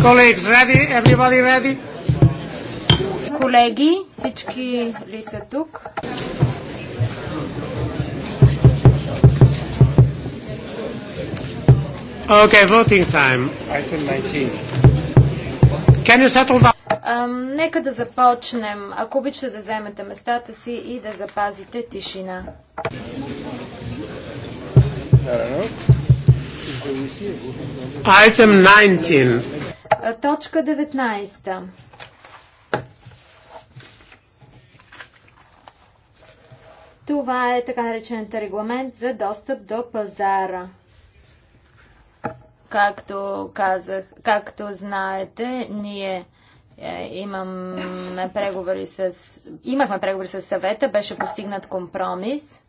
Colleagues, ready? Everybody ready? Колеги, всички ли са тук? Okay, voting time. Item 19. Can you settle down? Нека да започнем. Ако обичате да вземете местата си и да запазите тишина. Item 19. Точка 19. Това е така наречената регламент за достъп до пазара. Както казах, както знаете, ние е, Имаме преговори с... Имахме преговори с съвета, беше постигнат компромис.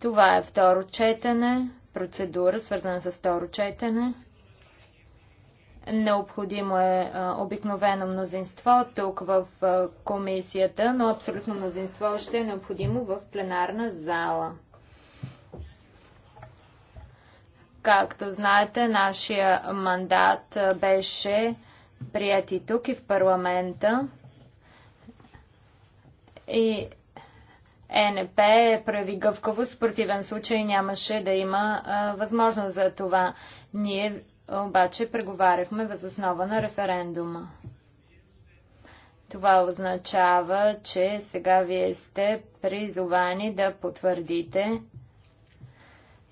Това е второ четене, процедура, свързана с второ четене. Необходимо е обикновено мнозинство тук в комисията, но абсолютно мнозинство ще е необходимо в пленарна зала. Както знаете, нашия мандат беше прият и тук и в парламента. И ЕНП прави гъвкавост, в противен случай нямаше да има а, възможност за това. Ние обаче преговаряхме възоснова на референдума. Това означава, че сега вие сте призовани да потвърдите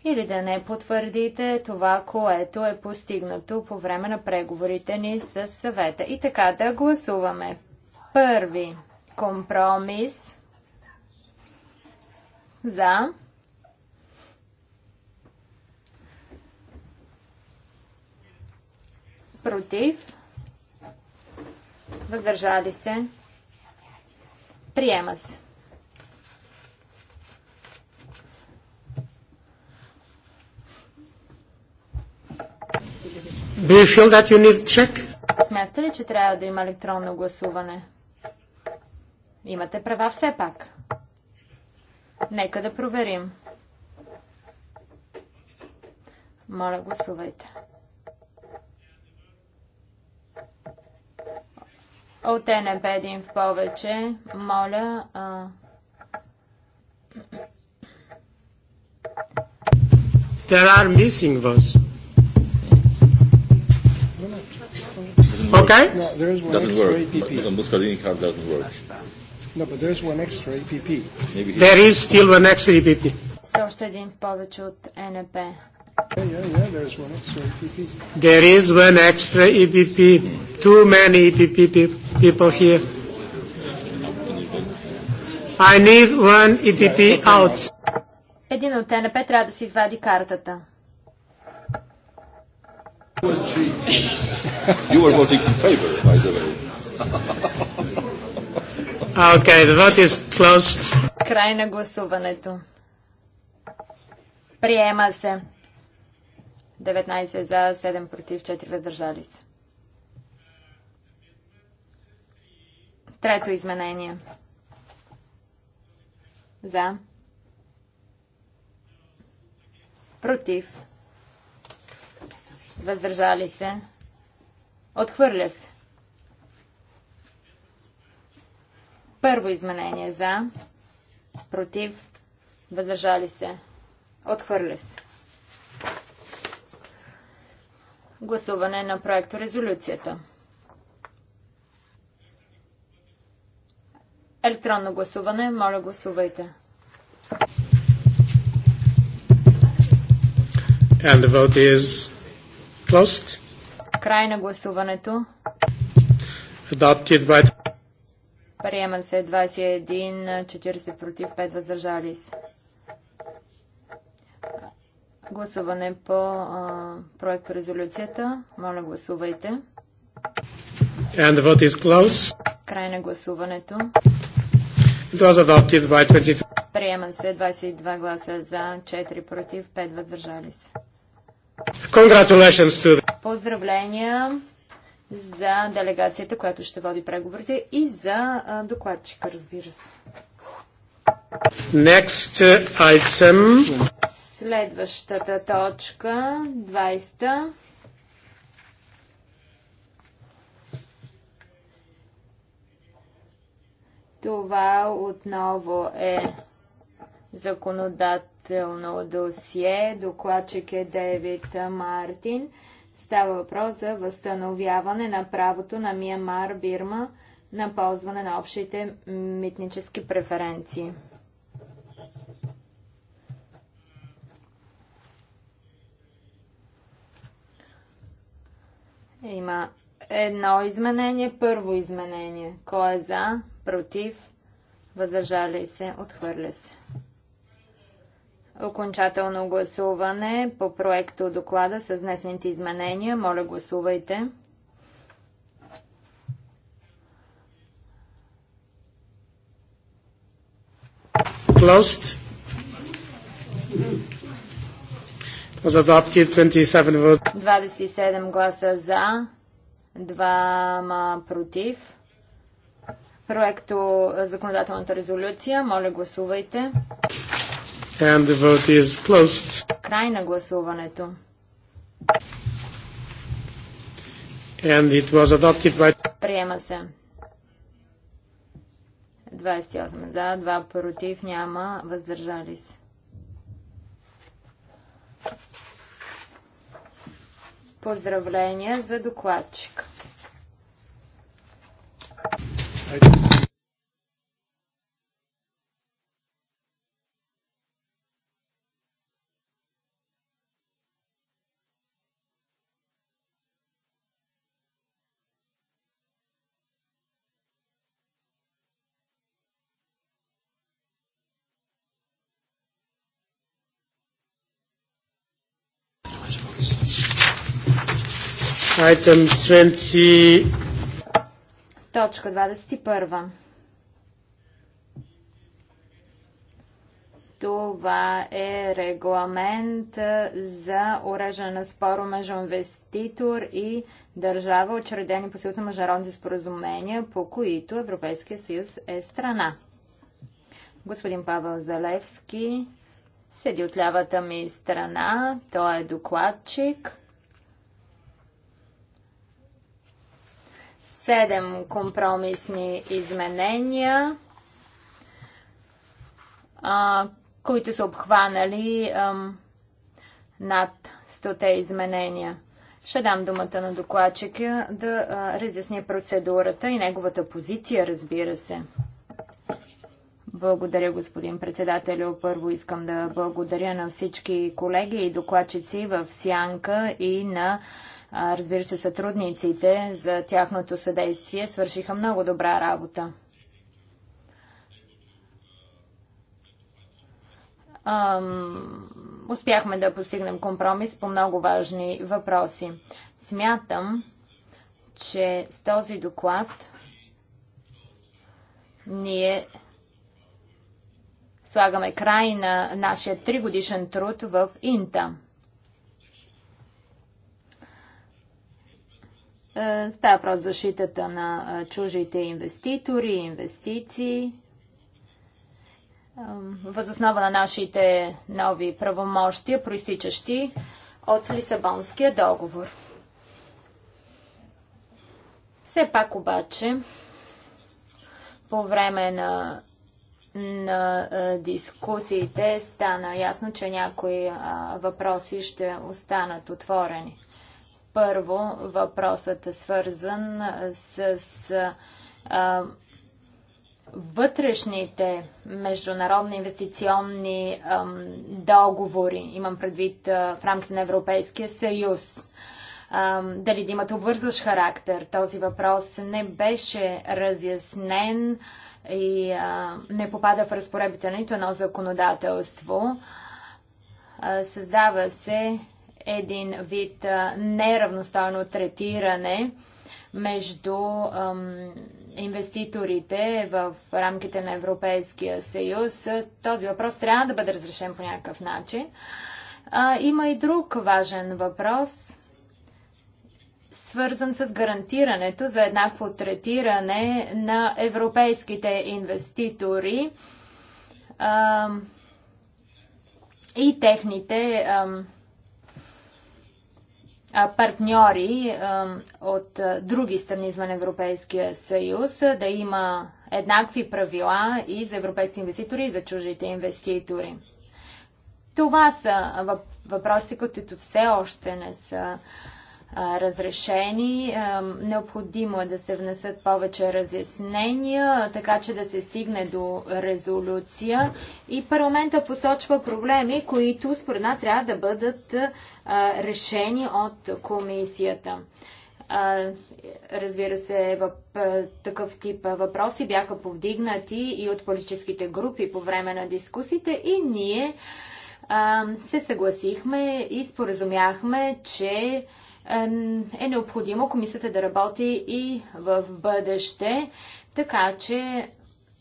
или да не потвърдите това, което е постигнато по време на преговорите ни с съвета. И така да гласуваме. Първи компромис за против въздържали се приема се. Do you feel that you need check? Смятате ли, че трябва да има електронно гласуване? Имате права все пак. Нека да проверим. Моля, гласувайте. От НП един в повече. Моля. А... There are missing votes. Okay? No, there is one extra APP. card doesn't work. No, but there is one extra APP. Maybe there is still one extra APP. Все още един повече от НП. there is extra EPP. There is one extra EPP. Too many EPP people here. I need one EPP out. Един от НП трябва да си извади картата you were voting in favor, by the way. okay, the vote is closed. Край на гласуването. Приема се. 19 за, 7 против, 4 въздържали се. Трето изменение. За. Против въздържали се, отхвърля се. Първо изменение за, против, въздържали се, отхвърля се. Гласуване на проекто резолюцията. Електронно гласуване, моля гласувайте. And the vote is Closed. Край на гласуването. Adopted by... Приема се 21, 40 против, 5 въздържали се. Гласуване по а, проект резолюцията. Моля, гласувайте. And the vote is closed. Край на гласуването. It was adopted by 22. Приема се 22 гласа за, 4 против, 5 въздържали се. Поздравления за делегацията, която ще води преговорите и за докладчика, разбира се. Next uh, item. Следващата точка, 20-та. Това отново е законодател законодателно досие. Докладчик е Дейвид Мартин. Става въпрос за възстановяване на правото на Миямар Бирма на ползване на общите митнически преференции. Има едно изменение, първо изменение. Кой е за, против, въздържали се, отхвърля се. Окончателно гласуване по проекто доклада с внесените изменения. Моля, гласувайте. Closed. Was adopted 27 votes. 27 гласа за, 2 против. Проекто законодателната резолюция. Моля, гласувайте. And the vote is closed. Край на гласуването. And it was adopted by... Приема се. 28 за, 2 против, няма, въздържали се. Поздравления за докладчик. Item 20. Точка 21. Това е регламент за уреждане на споро между инвеститор и държава, учредени по силата на международни споразумения, по които Европейския съюз е страна. Господин Павел Залевски седи от лявата ми страна. Той е докладчик. Седем компромисни изменения, а, които са обхванали над 100 изменения. Ще дам думата на докладчика да а, разясни процедурата и неговата позиция, разбира се. Благодаря, господин председател. Първо искам да благодаря на всички колеги и докладчици в Сянка и на Разбира се, сътрудниците за тяхното съдействие свършиха много добра работа. успяхме да постигнем компромис по много важни въпроси. Смятам, че с този доклад ние слагаме край на нашия тригодишен труд в Инта. Е, става въпрос защитата на е, чужите инвеститори, инвестиции. Е, възоснова на нашите нови правомощия, проистичащи от Лисабонския договор. Все пак обаче, по време на, на дискусиите стана ясно, че някои въпроси ще останат отворени. Първо, въпросът е свързан с а, вътрешните международни инвестиционни а, договори, имам предвид а, в рамките на Европейския съюз. дали да имат обвързващ характер. Този въпрос не беше разяснен и а, не попада в разпоредбите на нито едно законодателство. А, създава се един вид неравностойно третиране между ам, инвеститорите в рамките на Европейския съюз. Този въпрос трябва да бъде разрешен по някакъв начин. А, има и друг важен въпрос, свързан с гарантирането за еднакво третиране на европейските инвеститори а, и техните. Ам, партньори от други страни извън Европейския съюз, да има еднакви правила и за европейски инвеститори, и за чужите инвеститори. Това са въпросите, които все още не са разрешени. необходимо е да се внесат повече разяснения, така че да се стигне до резолюция. И парламента посочва проблеми, които според нас трябва да бъдат решени от комисията. Разбира се, въп, такъв тип въпроси бяха повдигнати и от политическите групи по време на дискусите и ние се съгласихме и споразумяхме, че е необходимо комисията да работи и в бъдеще, така че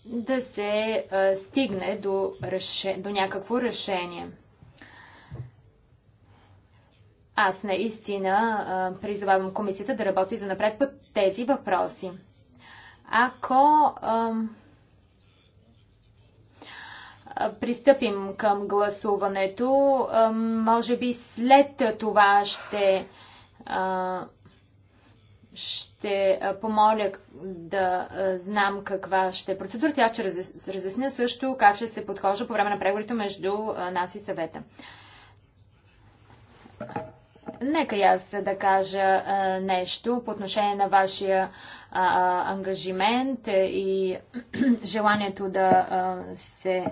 да се е, стигне до, реше... до някакво решение. Аз наистина е, призовавам комисията да работи за напред по тези въпроси. Ако пристъпим към гласуването, може би след това ще а, ще помоля да знам каква ще е процедурата. Аз ще разясня също как ще се подхожда по време на преговорите между нас и съвета. Нека и аз да кажа нещо по отношение на вашия ангажимент и желанието да се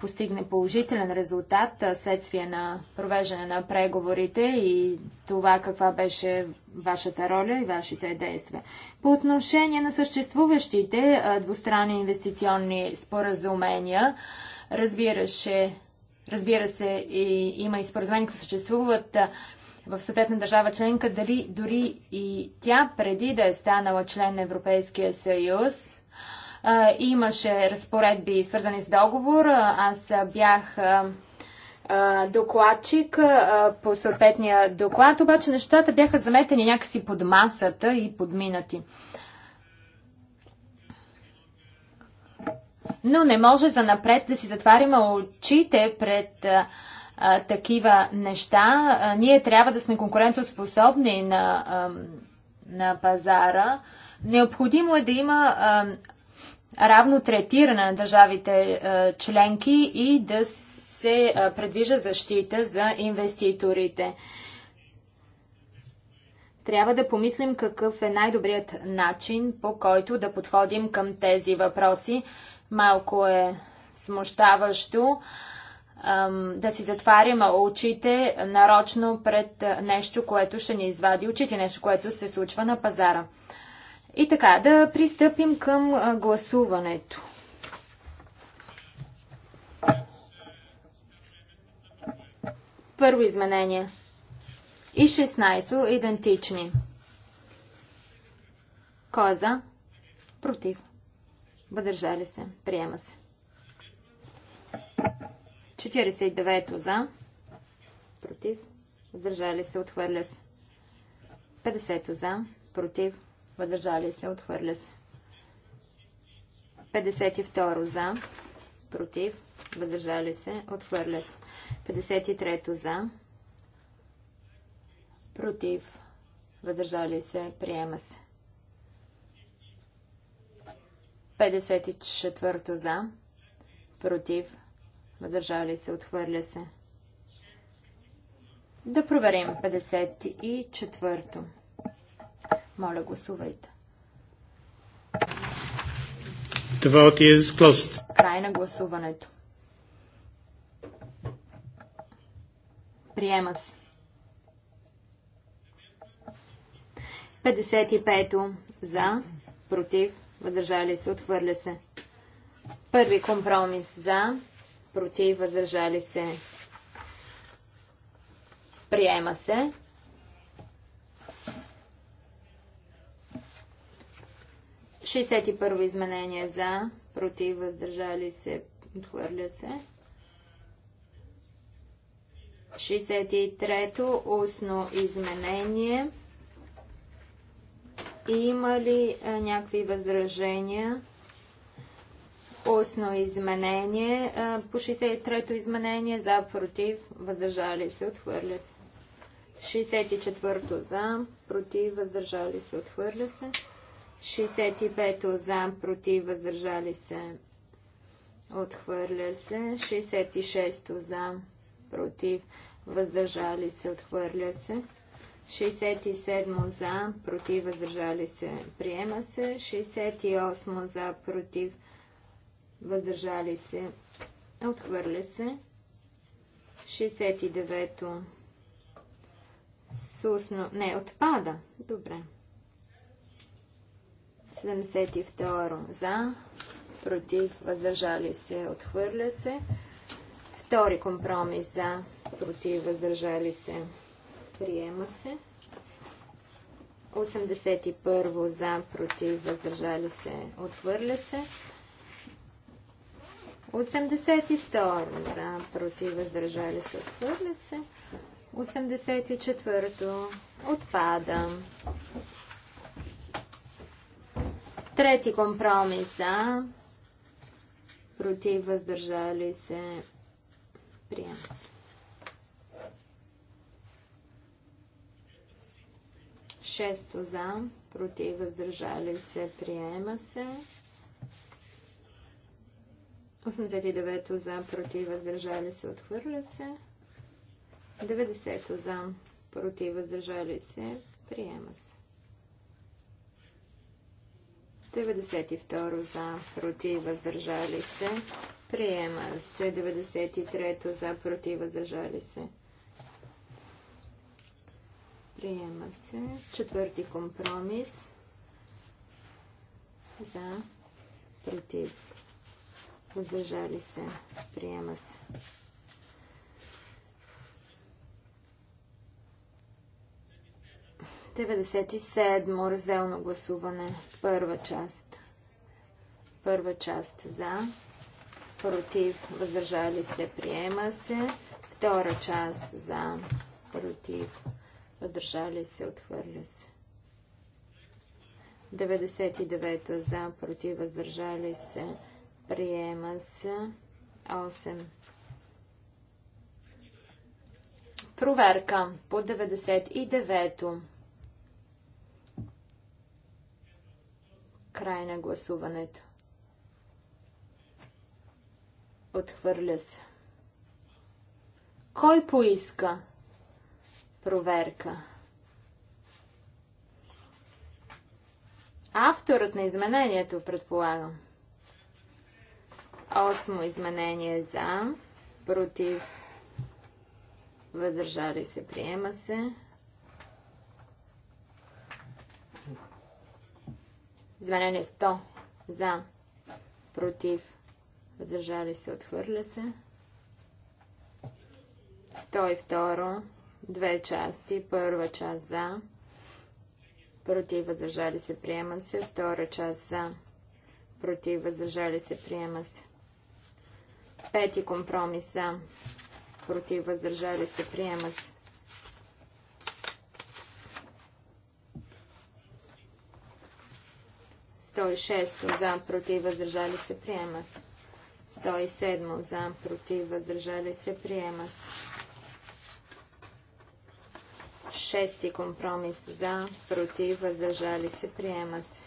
постигне положителен резултат следствие на провеждане на преговорите и това каква беше вашата роля и вашите действия. По отношение на съществуващите двустранни инвестиционни споразумения, разбираше, разбира се, и, има и споразумения, които съществуват в съответна държава членка, дали дори и тя преди да е станала член на Европейския съюз, Имаше разпоредби свързани с договор. Аз бях докладчик по съответния доклад, обаче нещата бяха заметени някакси под масата и подминати. Но не може за напред да си затваряме очите пред а, такива неща. А, ние трябва да сме конкурентоспособни на, а, на пазара. Необходимо е да има а, равно третиране на държавите е, членки и да се е, предвижда защита за инвеститорите. Трябва да помислим какъв е най-добрият начин, по който да подходим към тези въпроси. Малко е смущаващо да си затваряме очите нарочно пред нещо, което ще ни извади очите, нещо, което се случва на пазара. И така, да пристъпим към гласуването. Първо изменение. И 16 идентични. Кой е за? Против. Въздържали се. Приема се. 49 за. Против. Въздържали се. Отхвърля се. 50 за. Против въздържали се, отхвърля се. 52 за, против, въздържали се, отхвърля се. 53 за, против, въздържали се, приема се. 54 за, против, въздържали се, отхвърля се. Да проверим 54-то. Моля, гласувайте. The vote is closed. Край на гласуването. Приема се. 55-то за, против, въздържали се, отвърля се. Първи компромис за, против, въздържали се. Приема се. 61 изменение за, против, въздържали се, отхвърля се. 63-то устно изменение. Има ли а, някакви възражения? Устно изменение. А, по 63-то изменение за, против, въздържали се, отхвърля се. 64-то за, против, въздържали се, отхвърля се. 65 за, против, въздържали се, отхвърля се. 66 за, против, въздържали се, отхвърля се. 67 за, против, въздържали се, приема се. 68 за, против, въздържали се, отхвърля се. 69 сусно, не, отпада. Добре. 72 за, против, въздържали се, отхвърля се. Втори компромис за, против, въздържали се, приема се. 81 за, против, въздържали се, отхвърля се. 82 за, против, въздържали се, отхвърля се. 84 отпада. Трети компромис за, против, въздържали се, приема се. Шесто за, против, въздържали се, приема се. 89 за, против, въздържали се, отхвърля се. 90 за, против, въздържали се, приема се. 92 за, против, въздържали се. Приема се 93 за, против, въздържали се. Приема се. Четвърти компромис. За, против, въздържали се. Приема се. 97. Разделно гласуване. Първа част. Първа част за. Против. Въздържали се. Приема се. Втора част за. Против. Въздържали се. Отхвърля се. 99 за. Против. Въздържали се. Приема се. 8. Проверка по 99-то. Край на гласуването. Отхвърля се. Кой поиска проверка? Авторът на изменението, предполагам. Осмо изменение за, против, въздържали се, приема се. Изменение 100 за, против, въздържали се, отхвърля се. 102, две части, първа част за, против, въздържали се, приема се, втора част за, против, въздържали се, приема се. Пети компромис за, против, въздържали се, приема се. 106 за, против, въздържали се, приема се. 107 за, против, въздържали се, приема се. Шести компромис за, против, въздържали се, приема се.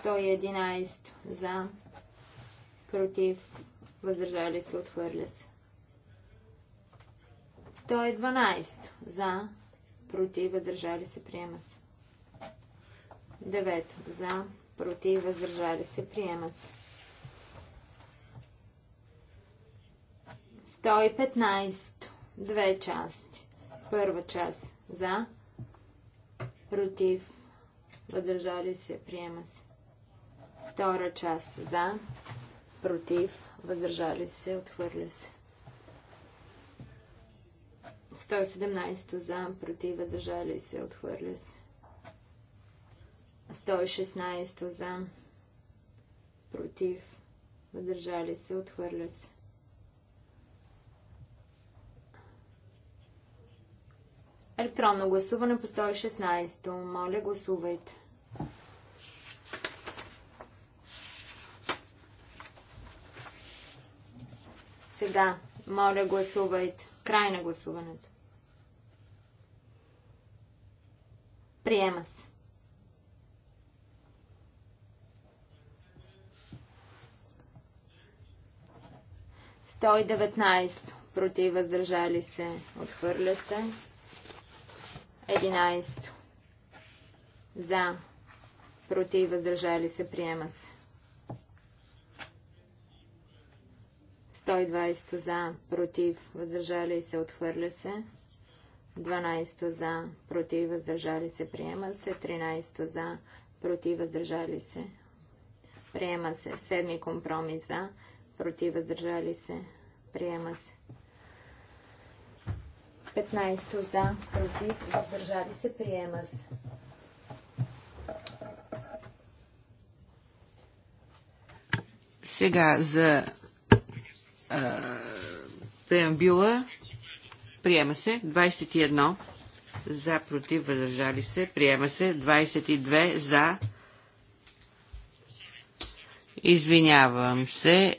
Сто единайсто за, против, въздържали се, отхвърля се. 112 за, против, въздържали се, приема се. 9 за, против, въздържали се, приема се. 115. Две части. Първа част за, против, въздържали се, приема се. Втора част за, против, въздържали се, отхвърля се. 117 за, против, въздържали се, отхвърля се. 116 за, против, въздържали се, отхвърля се. 116. Електронно гласуване по 116. Моля, гласувайте. Сега, моля, гласувайте. Край на гласуването. Приема се. Сто и Против въздържали се. Отхвърля се. 11. За. Против въздържали се. Приема се. 120 за, против, въздържали се, отхвърля се. 12 за, против, въздържали се, приема се. 13 за, против, въздържали се, приема се. Седми компромис за, против, въздържали се, приема се. 15 за, против, въздържали се, приема се. Сега за а, преамбюла Приема се. 21 за, против, въздържали се. Приема се. 22 за. Извинявам се.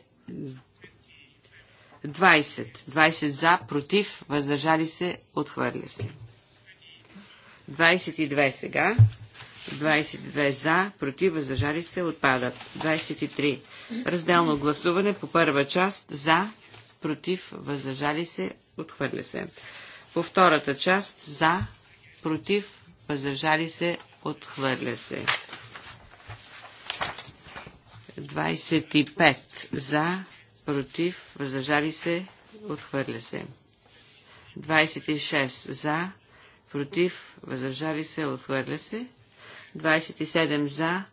20. 20 за, против, въздържали се, отхвърля се. 22 сега. 22 за, против, въздържали се, отпадат. 23. Разделно гласуване по първа част за, против, въздържали се, отхвърля се. По втората част за, против, въздържали се, отхвърля се. 25 за, против, въздържали се, отхвърля се. 26 за, против, въздържали се, отхвърля се. 27 за,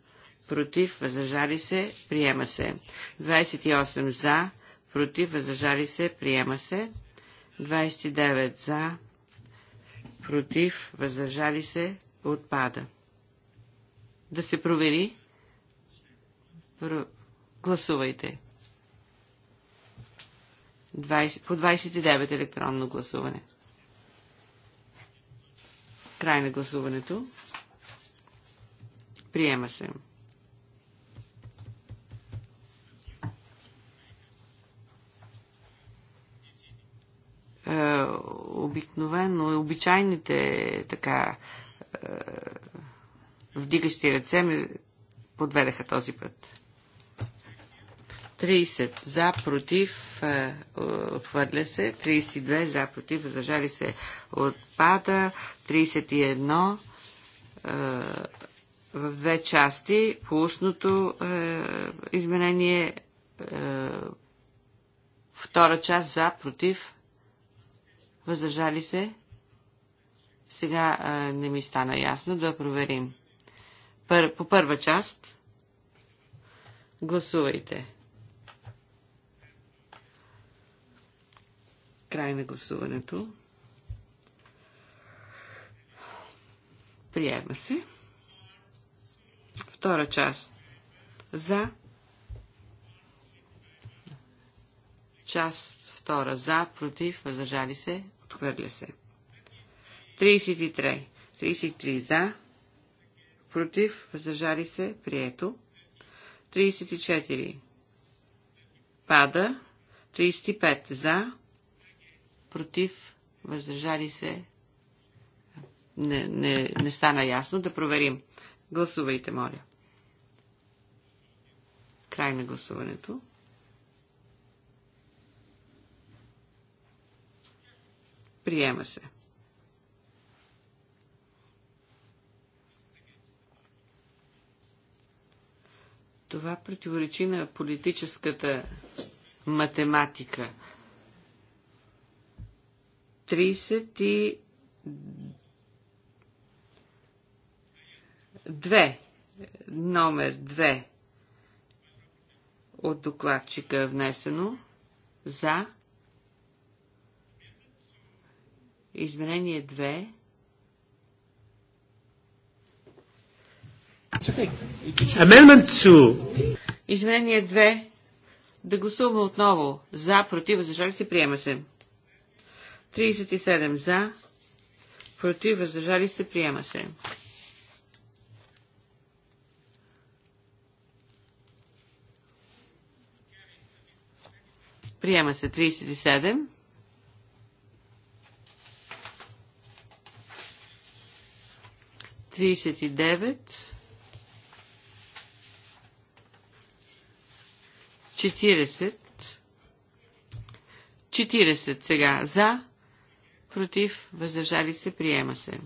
против, въздържали се, приема се. 28 за, против, въздържали се, приема се. 29 за, против, въздържали се, отпада. Да се провери. Гласувайте. 20... По 29 електронно гласуване. Край на гласуването. Приема се. Е, обикновено обикновено, обичайните така е, вдигащи ръце ми подведаха този път. 30 за, против, отвърля е, отхвърля се. 32 за, против, въздържали се, отпада. 31 е, в две части. По устното е, изменение е, втора част за, против, Въздържали се? Сега а, не ми стана ясно да проверим. Пър, по първа част гласувайте. Край на гласуването. Приема се. Втора част. За. Част втора. За, против, въздържали се. Отхвърля се. 33. 33 за. Против. Въздържали се. Прието. 34. Пада. 35 за. Против. Въздържали се. Не, не, не стана ясно. Да проверим. Гласувайте, моля. Край на гласуването. Приема се. Това противоречи на политическата математика. 30 и Две. Номер 2. от докладчика е внесено. За. Изменение 2. Amendment 2. Изменение 2. Да гласуваме отново. За, против, въздържали се, приема се. 37 за, против, въздържали се, приема се. Приема се 37. 39, 40, 40 сега за, против, въздържали се, приема се.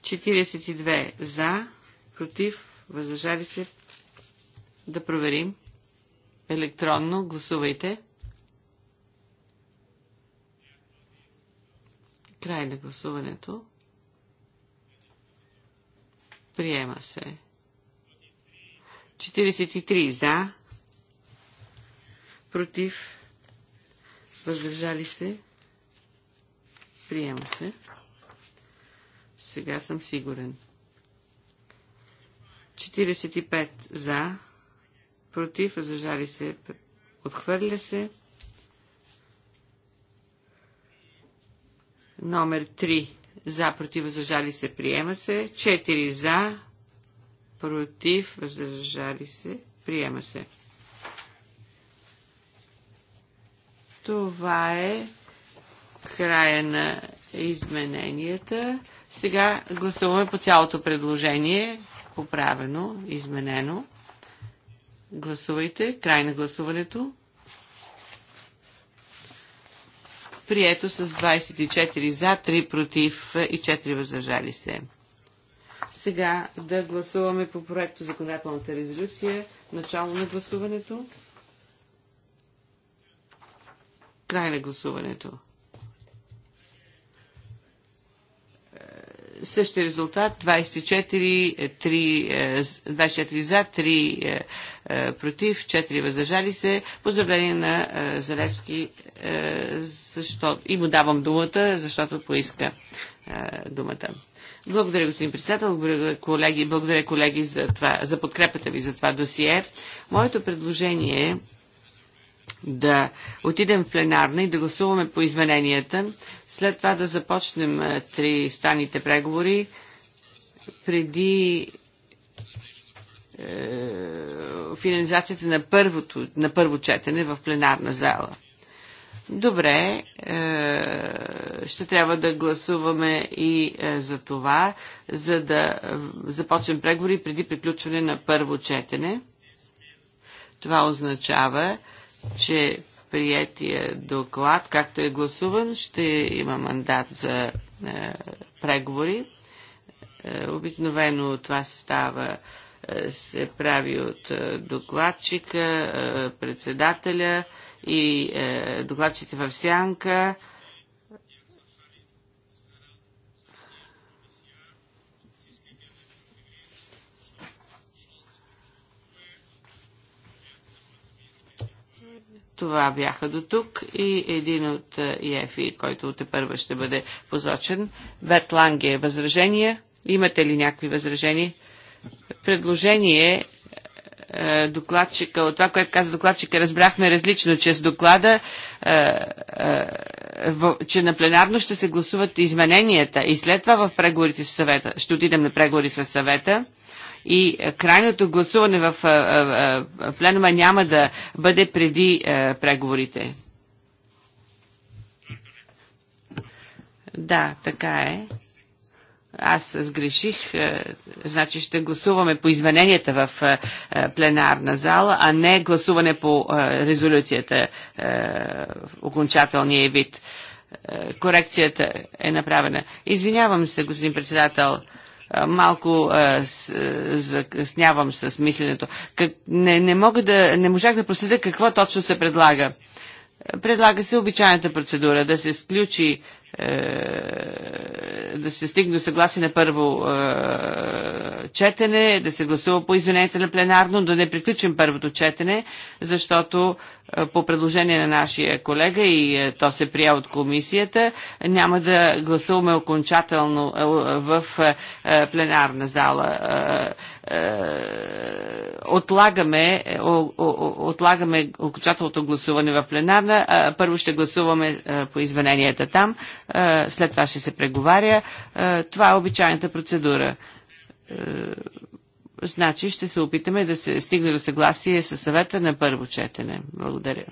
42 за, против, въздържали се. Да проверим. Електронно гласувайте. Край на гласуването. Приема се. 43 за. Против. Въздържали се. Приема се. Сега съм сигурен. 45 за. Против. Въздържали се. Отхвърля се. Номер 3 за, против, въздържали се, приема се. 4 за, против, въздържали се, приема се. Това е края на измененията. Сега гласуваме по цялото предложение, поправено, изменено. Гласувайте. Край на гласуването. Прието с 24 за, 3 против и 4 въздържали се. Сега да гласуваме по проекто законодателната резолюция. Начало на гласуването. Край на гласуването. същия резултат 24, е, е, за, 3 е, против, 4 въздържали се. Поздравление на Залевски защо... и му давам думата, защото поиска думата. Благодаря, господин председател, благодаря колеги, благодаря колеги за, това, за подкрепата ви за това досие. Моето предложение е да отидем в пленарна и да гласуваме по измененията, след това да започнем три станите преговори преди е, финализацията на, първото, на първо четене в пленарна зала. Добре, е, ще трябва да гласуваме и е, за това, за да е, започнем преговори преди приключване на първо четене. Това означава, че приятия доклад, както е гласуван, ще има мандат за е, преговори. Е, обикновено това се става е, се прави от е, докладчика, е, председателя и е, докладчите в сянка. Това бяха до тук и един от е, ЕФИ, който те първа ще бъде посочен. Берт Ланге, възражение. Имате ли някакви възражения? Предложение е, докладчика, от това, което каза докладчика, разбрахме различно, че с доклада, е, че на пленарно ще се гласуват измененията и след това в преговорите с съвета, ще отидем на преговори с съвета и е, крайното гласуване в е, е, пленума няма да бъде преди преговорите. Да, така е. Аз сгреших. Значи ще гласуваме по измененията в пленарна зала, а не гласуване по резолюцията в окончателния вид. Корекцията е направена. Извинявам се, господин председател малко а, с, а, закъснявам с мисленето. Как, не, не, мога да, не можах да проследя какво точно се предлага. Предлага се обичайната процедура да се сключи е, да се стигне до съгласие на първо е, четене, да се гласува по извиненията на пленарно, да не приключим първото четене, защото е, по предложение на нашия колега и е, то се прия от комисията. Няма да гласуваме окончателно е, в пленарна зала. Отлагаме, отлагаме окончателното гласуване в пленарна. Първо ще гласуваме по измененията там. След това ще се преговаря. Това е обичайната процедура Значи ще се опитаме да се стигне до съгласие със съвета на първо четене. Благодаря.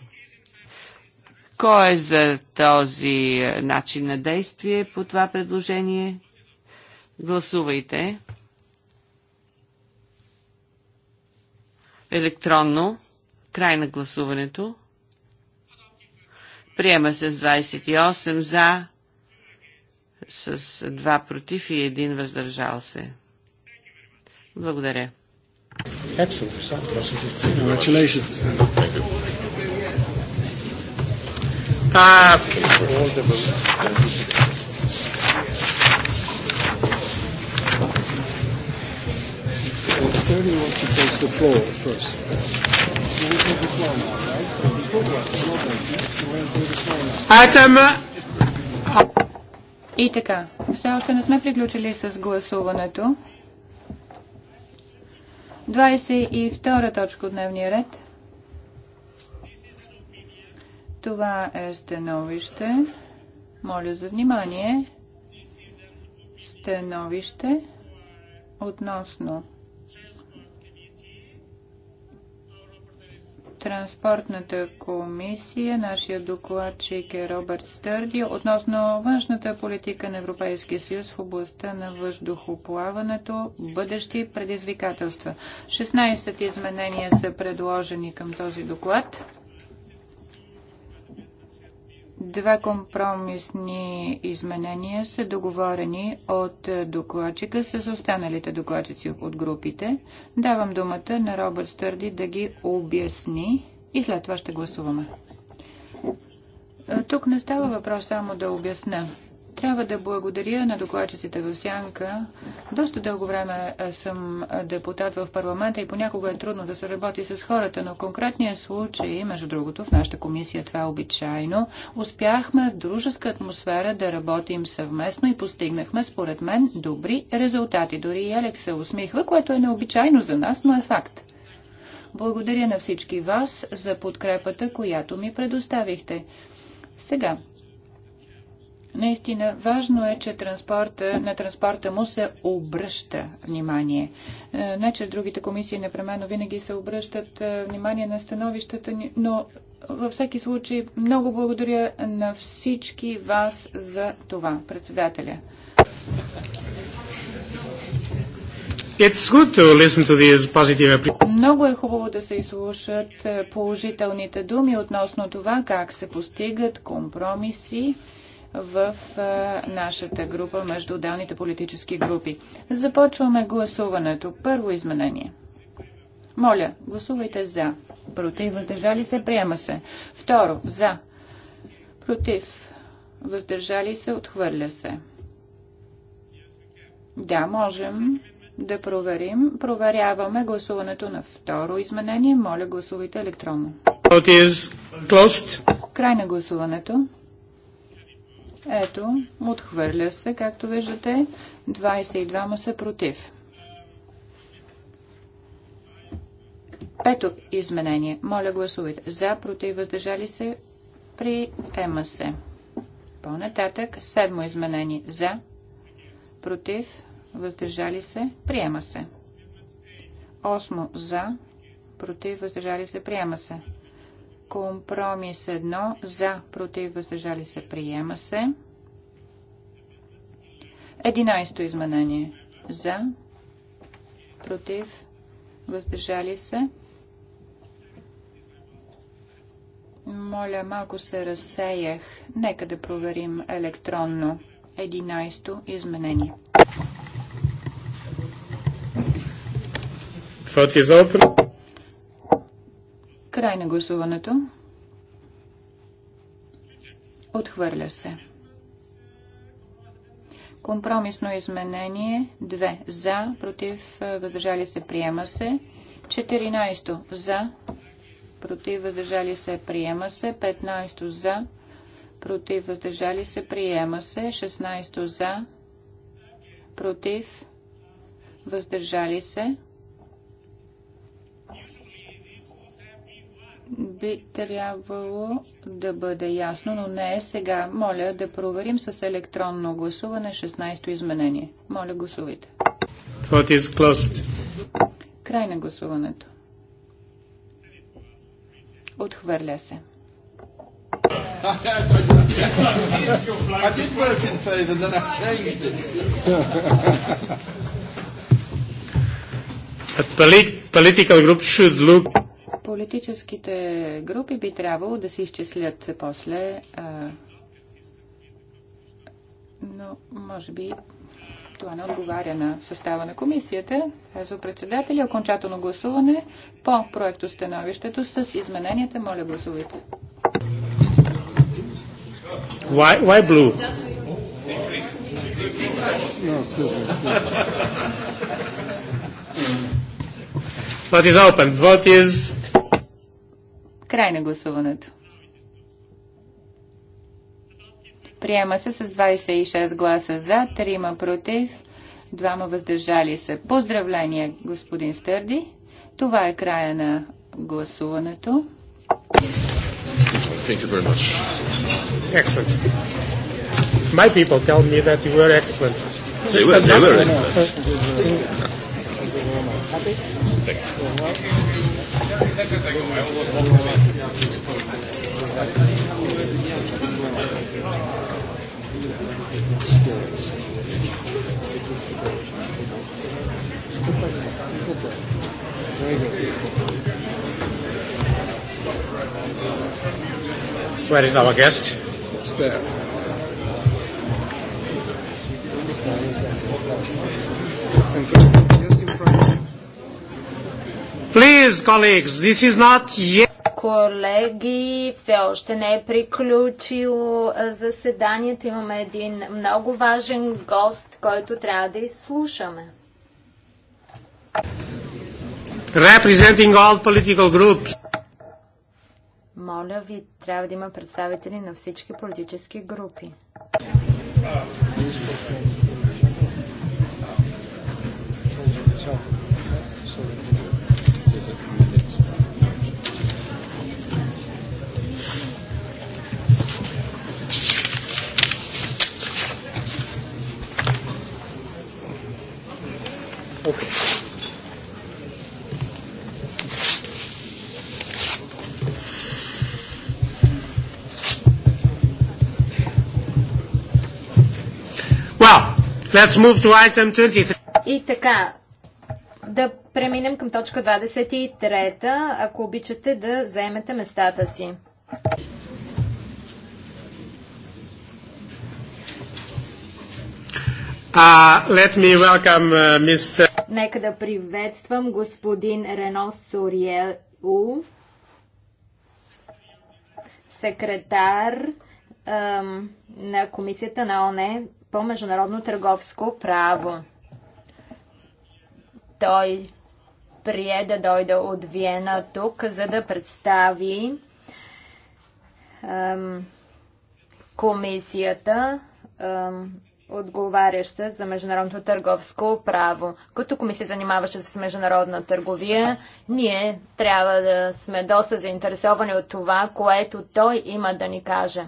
Кой е за този е, начин на действие по това предложение? Гласувайте. Електронно. Край на гласуването. Приема се с 28 за, с 2 против и 1 въздържал се. Благодаря. Атама! И така, все още не сме приключили с гласуването. 22 точка от дневния ред. Това е становище. Моля за внимание. Становище относно Транспортната комисия. Нашия докладчик е Робърт Стърди относно външната политика на Европейския съюз в областта на въздухоплаването, бъдещи предизвикателства. 16 изменения са предложени към този доклад. Два компромисни изменения са договорени от докладчика с останалите докладчици от групите. Давам думата на Робърт Стърди да ги обясни и след това ще гласуваме. Е, тук не става въпрос само да обясня. Трябва да благодаря на докладчиците в Сянка. Доста дълго време е, съм е, депутат в парламента и понякога е трудно да се работи с хората, но в конкретния случай, между другото, в нашата комисия това е обичайно, успяхме в дружеска атмосфера да работим съвместно и постигнахме, според мен, добри резултати. Дори и Елек се усмихва, което е необичайно за нас, но е факт. Благодаря на всички вас за подкрепата, която ми предоставихте. Сега, Наистина важно е, че транспорта, на транспорта му се обръща внимание. Е, не, че другите комисии непременно винаги се обръщат е, внимание на становищата ни, но във всеки случай много благодаря на всички вас за това, председателя. It's good to listen to these positive... Много е хубаво да се изслушат е, положителните думи относно това как се постигат компромиси в нашата група между отделните политически групи. Започваме гласуването. Първо изменение. Моля, гласувайте за. Против, въздържали се, приема се. Второ, за. Против, въздържали се, отхвърля се. Да, можем да проверим. Проверяваме гласуването на второ изменение. Моля, гласувайте електронно. Край на гласуването. Ето, отхвърля се, както виждате. 22 ма са против. Пето изменение. Моля гласувайте. За, против, въздържали се. Приема се. По-нататък. Седмо изменение. За, против, въздържали се. Приема се. Осмо. За, против, въздържали се. Приема се. Компромис 1 за, против, въздържали се, приема се. 11 изменение за, против, въздържали се. Моля, малко се разсеях. Нека да проверим електронно. 11-то изменение. 40 за, Край на гласуването. Отхвърля се. Компромисно изменение 2. За, против, въздържали се, приема се. 14. За, против, въздържали се, приема се. 15. За, против, въздържали се, приема се. 16. За, против, въздържали се, се. би трябвало да бъде ясно, но не е сега. Моля да проверим с електронно гласуване 16-то изменение. Моля, гласувайте. Край на гласуването. Отхвърля се. A political group should look политическите групи би трябвало да се изчислят после, а, но може би това не отговаря на състава на комисията. За председатели окончателно гласуване по проекто становището с измененията. Моля гласувайте. Why, why blue? No, excuse me, excuse me. Vote is open. Vote is Край на гласуването. Приема се с 26 гласа за, 3 против, 2 въздържали се. Поздравления, господин Стърди. Това е края на гласуването. Thank you very much. Excellent. My people tell me that you were excellent. They were, they were excellent. Thanks. Where is our guest? It's there. Please, colleagues, this is not yet... Колеги, все още не е приключило заседанието. Имаме един много важен гост, който трябва да изслушаме. Representing all political groups. Моля ви, трябва да има представители на всички политически групи. Okay. Well, let's move to item 23. И така, да преминем към точка 23, ако обичате да заемете местата си. let me welcome uh, Miss... Uh, Нека да приветствам господин Рено Сориел, секретар на Комисията на ОНЕ по международно търговско право. Той прие да дойде от Виена тук, за да представи комисията отговаряща за международното търговско право. Като комисия занимаваща с международна търговия, ние трябва да сме доста заинтересовани от това, което той има да ни каже.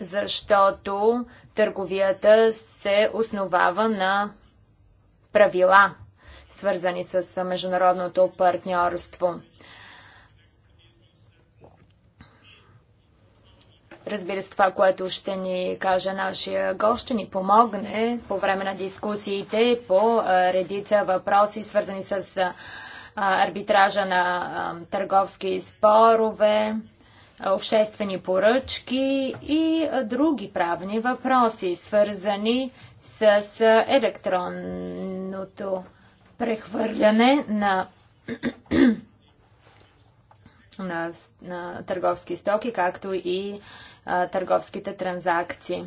Защото търговията се основава на правила, свързани с международното партньорство. Разбира се, това, което ще ни каже нашия гост, ще ни помогне по време на дискусиите по редица въпроси, свързани с арбитража на търговски спорове, обществени поръчки и други правни въпроси, свързани с електронното прехвърляне на на, на търговски стоки, както и а, търговските транзакции.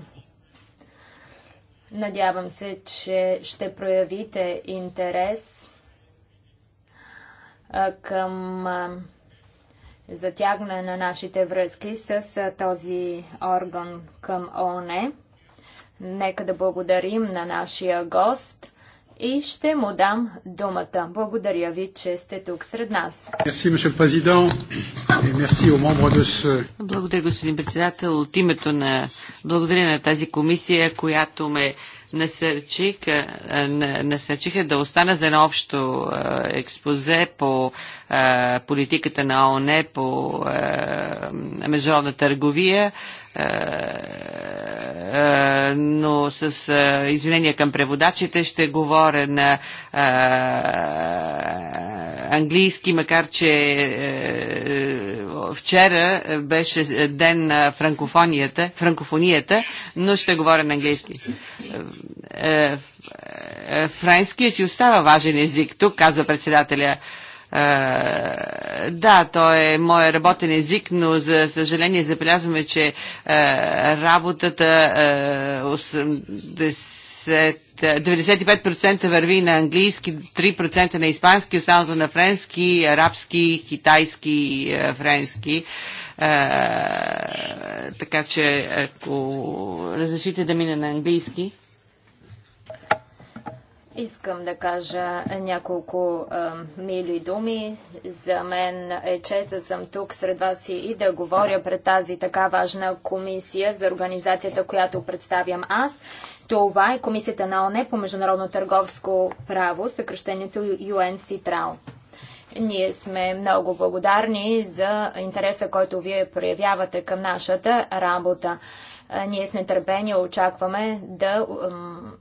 Надявам се, че ще проявите интерес а, към а, затягане на нашите връзки с а, този орган към ОНЕ. Нека да благодарим на нашия гост и ще му дам думата. Благодаря ви, че сте тук сред нас. Благодаря, господин председател. От името на благодаря на тази комисия, която ме насърчиха, насърчиха да остана за едно общо експозе по политиката на ООН по международна търговия е, е, но с е, извинения към преводачите ще говоря на английски, макар че вчера беше ден на франкофонията, франкофонията, но ще говоря на английски. Френският си остава важен език. Тук казва председателя е, да, то е моя работен език, но за съжаление забелязваме, че е, работата 80 е, 95% върви на английски, 3% на испански, останалото на френски, арабски, китайски, френски. така че, ако разрешите да мина на английски. Искам да кажа няколко а, мили думи. За мен е чест да съм тук сред вас и, да говоря пред тази така важна комисия за организацията, която представям аз. Това е Комисията на ОНЕ по международно търговско право, съкръщението Citral. Ние сме много благодарни за интереса, който вие проявявате към нашата работа. Ние с нетърпение очакваме да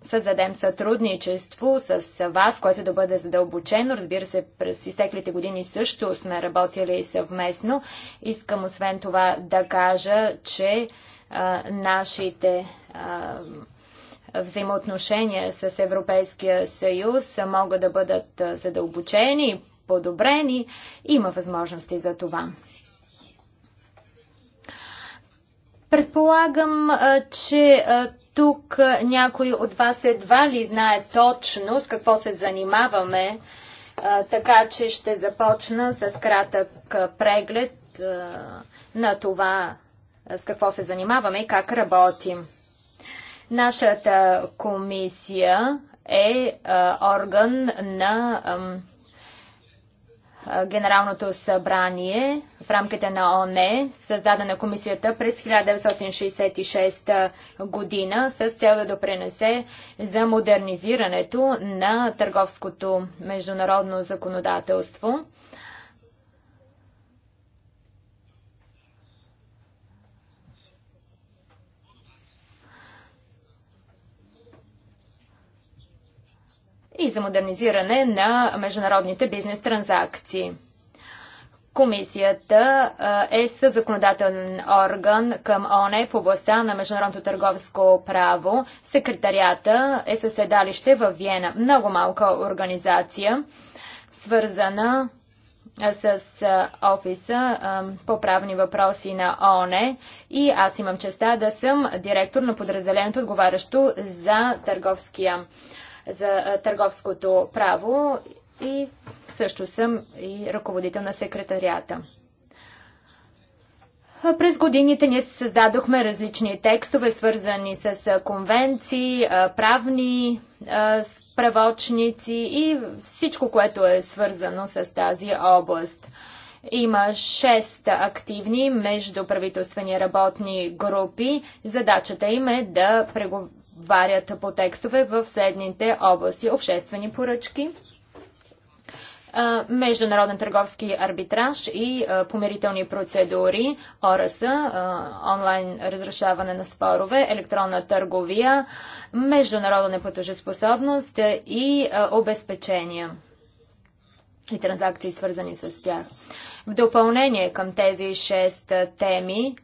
създадем сътрудничество с вас, което да бъде задълбочено. Разбира се, през изтеклите години също сме работили съвместно. Искам освен това да кажа, че нашите взаимоотношения с Европейския съюз могат да бъдат задълбочени, подобрени. Има възможности за това. Предполагам, че тук някой от вас едва ли знае точно с какво се занимаваме, така че ще започна с кратък преглед на това с какво се занимаваме и как работим. Нашата комисия е орган на Генералното събрание в рамките на ОНЕ, създадена комисията през 1966 година с цел да допренесе за модернизирането на търговското международно законодателство. и за модернизиране на международните бизнес транзакции. Комисията е със законодателен орган към ОНЕ в областта на международното търговско право. Секретарията е със седалище в Виена. Много малка организация, свързана с офиса по правни въпроси на ОНЕ и аз имам честа да съм директор на подразделението, отговарящо за търговския за търговското право и също съм и ръководител на секретарията. През годините ние създадохме различни текстове, свързани с конвенции, правни справочници и всичко, което е свързано с тази област. Има шест активни междуправителствени работни групи. Задачата им е да, прегов отговарят по текстове в следните области. Обществени поръчки, международен търговски арбитраж и помирителни процедури, ОРС, онлайн разрешаване на спорове, електронна търговия, международна неплатежеспособност и обезпечения и транзакции свързани с тях. В допълнение към тези шест теми,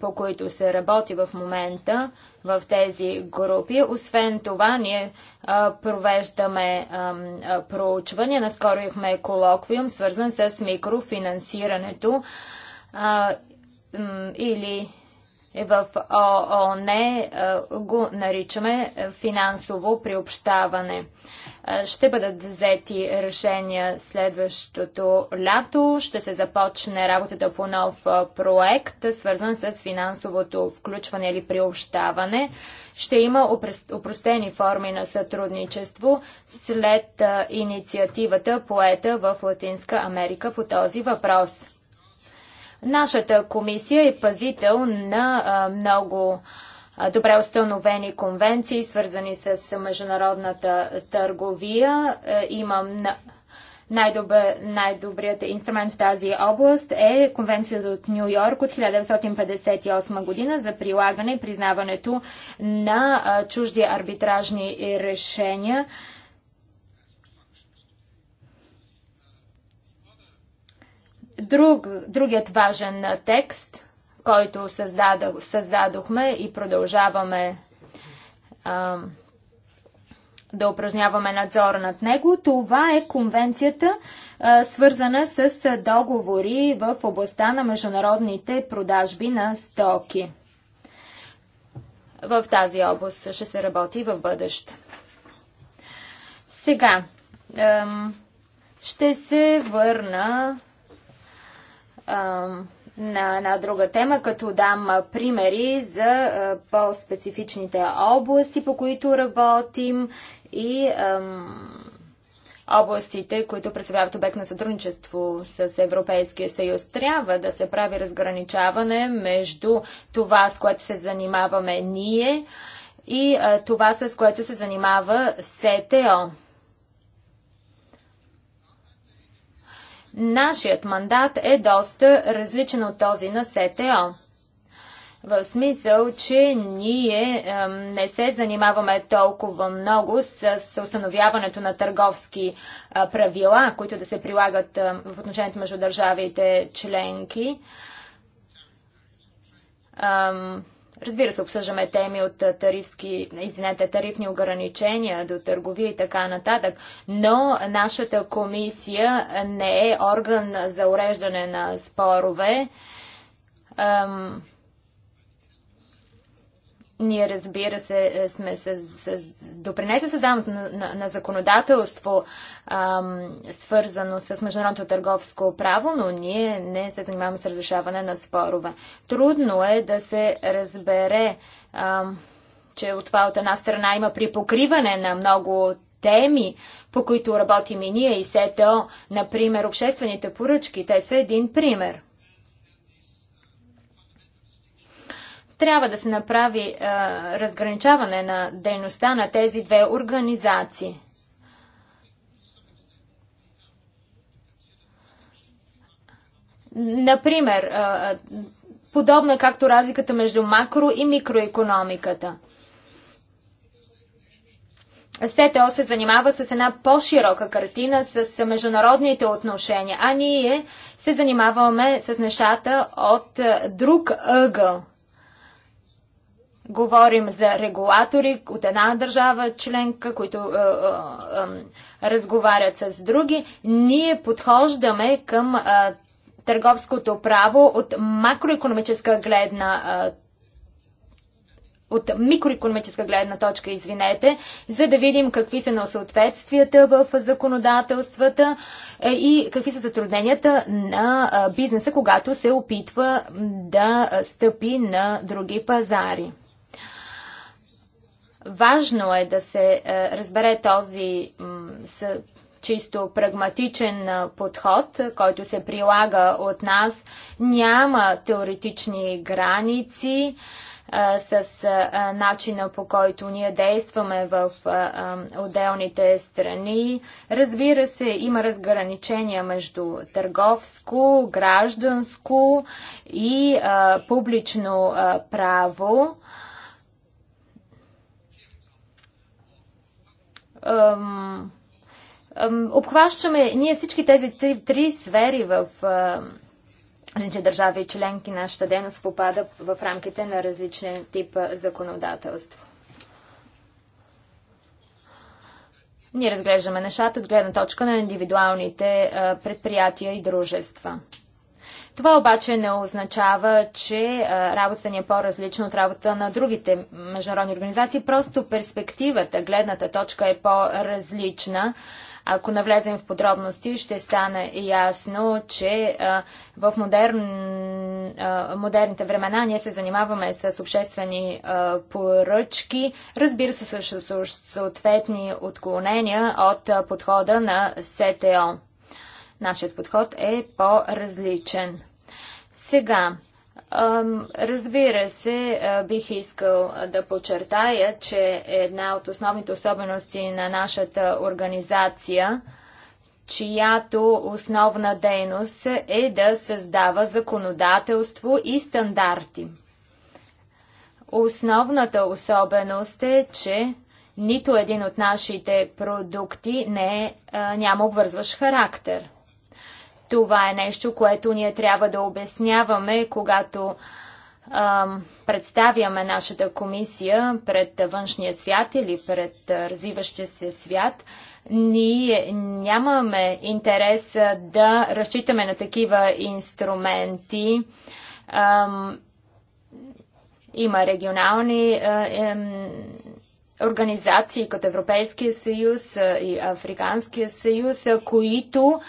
по които се работи в момента в тези групи. Освен това, ние провеждаме проучвания. Наскоро имахме колоквиум, свързан с микрофинансирането или в ООН е, го наричаме финансово приобщаване. Е, ще бъдат взети решения следващото лято. Ще се започне работата по нов е, проект, свързан с финансовото включване или приобщаване. Ще има упростени форми на сътрудничество след инициативата поета в Латинска Америка по този въпрос. Нашата комисия е пазител на много добре установени конвенции, свързани с международната търговия. Е, имам най най-добрият инструмент в тази област е Конвенцията от Нью Йорк от 1958 година за прилагане и признаването на чужди арбитражни решения. Друг, другият важен текст, който създадох, създадохме и продължаваме а, да упражняваме надзор над него, това е конвенцията, а, свързана с договори в областта на международните продажби на стоки. В тази област ще се работи в бъдеще. Сега, ще се върна на една друга тема, като дам примери за по-специфичните области, по които работим и областите, които представляват обект на сътрудничество с Европейския съюз. Трябва да се прави разграничаване между това, с което се занимаваме ние и това, с което се занимава СТО. Нашият мандат е доста различен от този на СТО. В смисъл, че ние е, не се занимаваме толкова много с, с установяването на търговски е, правила, които да се прилагат е, в отношението между държавите членки. Разбира се, обсъждаме теми от тарифски, извинете, тарифни ограничения до търговия и така нататък, но нашата комисия не е орган за уреждане на спорове. Ние, разбира се, е, сме с, с, допринесе създаването на, на, на законодателство, ам, свързано с международното търговско право, но ние не се занимаваме с разрешаване на спорове. Трудно е да се разбере, ам, че от това от една страна има припокриване на много теми, по които работим и ние и СЕТО, например, обществените поръчки. Те са един пример. Трябва да се направи а, разграничаване на дейността на тези две организации. Например, а, е както разликата между макро и микроекономиката. СТО се занимава с една по-широка картина, с международните отношения, а ние се занимаваме с нещата от друг ъгъл. Говорим за регулатори от една държава членка, които е, е, е, разговарят с други. Ние подхождаме към е, търговското право от макроекономическа гледна е, от микроекономическа гледна точка, извинете, за да видим какви са несъответствията в законодателствата е, и какви са затрудненията на е, бизнеса, когато се опитва да стъпи на други пазари. Важно е да се е, разбере този чисто прагматичен е, подход, който се прилага от нас. Няма теоретични граници е, с начина по който ние действаме в отделните страни. Разбира се, има разграничения между търговско, гражданско и публично право. обхващаме ние всички тези три, три сфери в различни държави и членки. Нашата дейност попада в рамките на различен тип законодателство. Ние разглеждаме нещата от гледна точка на индивидуалните предприятия и дружества. Това обаче не означава, че е, работата ни е по-различна от работата на другите международни организации. Просто перспективата, гледната точка е по-различна. Ако навлезем в подробности, ще стане ясно, че е, в модерн, е, модерните времена ние се занимаваме с обществени поръчки, разбира се, с съответни отклонения от подхода на СТО. Нашият подход е по-различен. Сега, Разбира се, бих искал да подчертая, че една от основните особености на нашата организация, чиято основна дейност е да създава законодателство и стандарти. Основната особеност е, че нито един от нашите продукти не, няма обвързващ характер – това е нещо, което ние трябва да обясняваме, когато представяме нашата комисия пред външния свят или пред развиващия се свят. Ние нямаме интерес да разчитаме на такива инструменти. има регионални а, ем, организации като Европейския съюз и Африканския съюз, а, които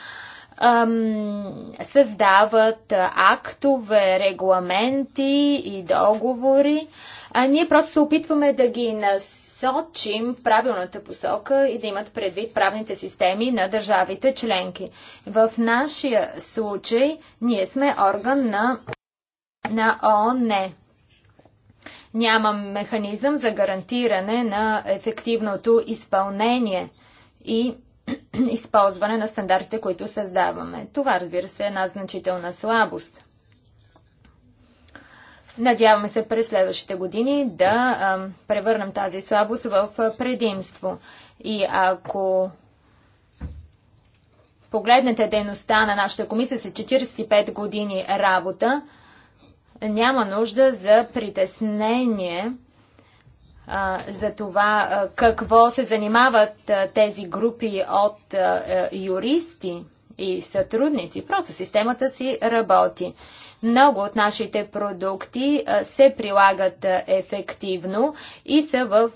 създават актове, регламенти и договори, а ние просто се опитваме да ги насочим в правилната посока и да имат предвид правните системи на държавите членки. В нашия случай ние сме орган на, на ООН. Няма механизъм за гарантиране на ефективното изпълнение и използване на стандартите, които създаваме. Това, разбира се, е една значителна слабост. Надяваме се през следващите години да а, превърнем тази слабост в предимство. И ако погледнете дейността на нашата комисия за 45 години работа, няма нужда за притеснение за това какво се занимават тези групи от е, юристи и сътрудници. Просто системата си работи. Много от нашите продукти се прилагат ефективно и са в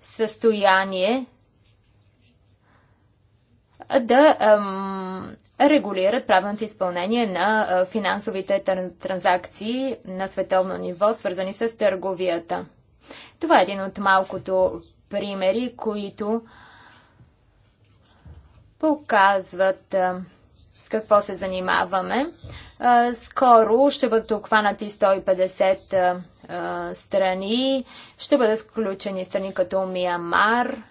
състояние да регулират правилното изпълнение на финансовите транзакции на световно ниво, свързани с търговията. Това е един от малкото примери, които показват с какво се занимаваме. Скоро ще бъдат обхванати 150 страни, ще бъдат включени страни като Миямар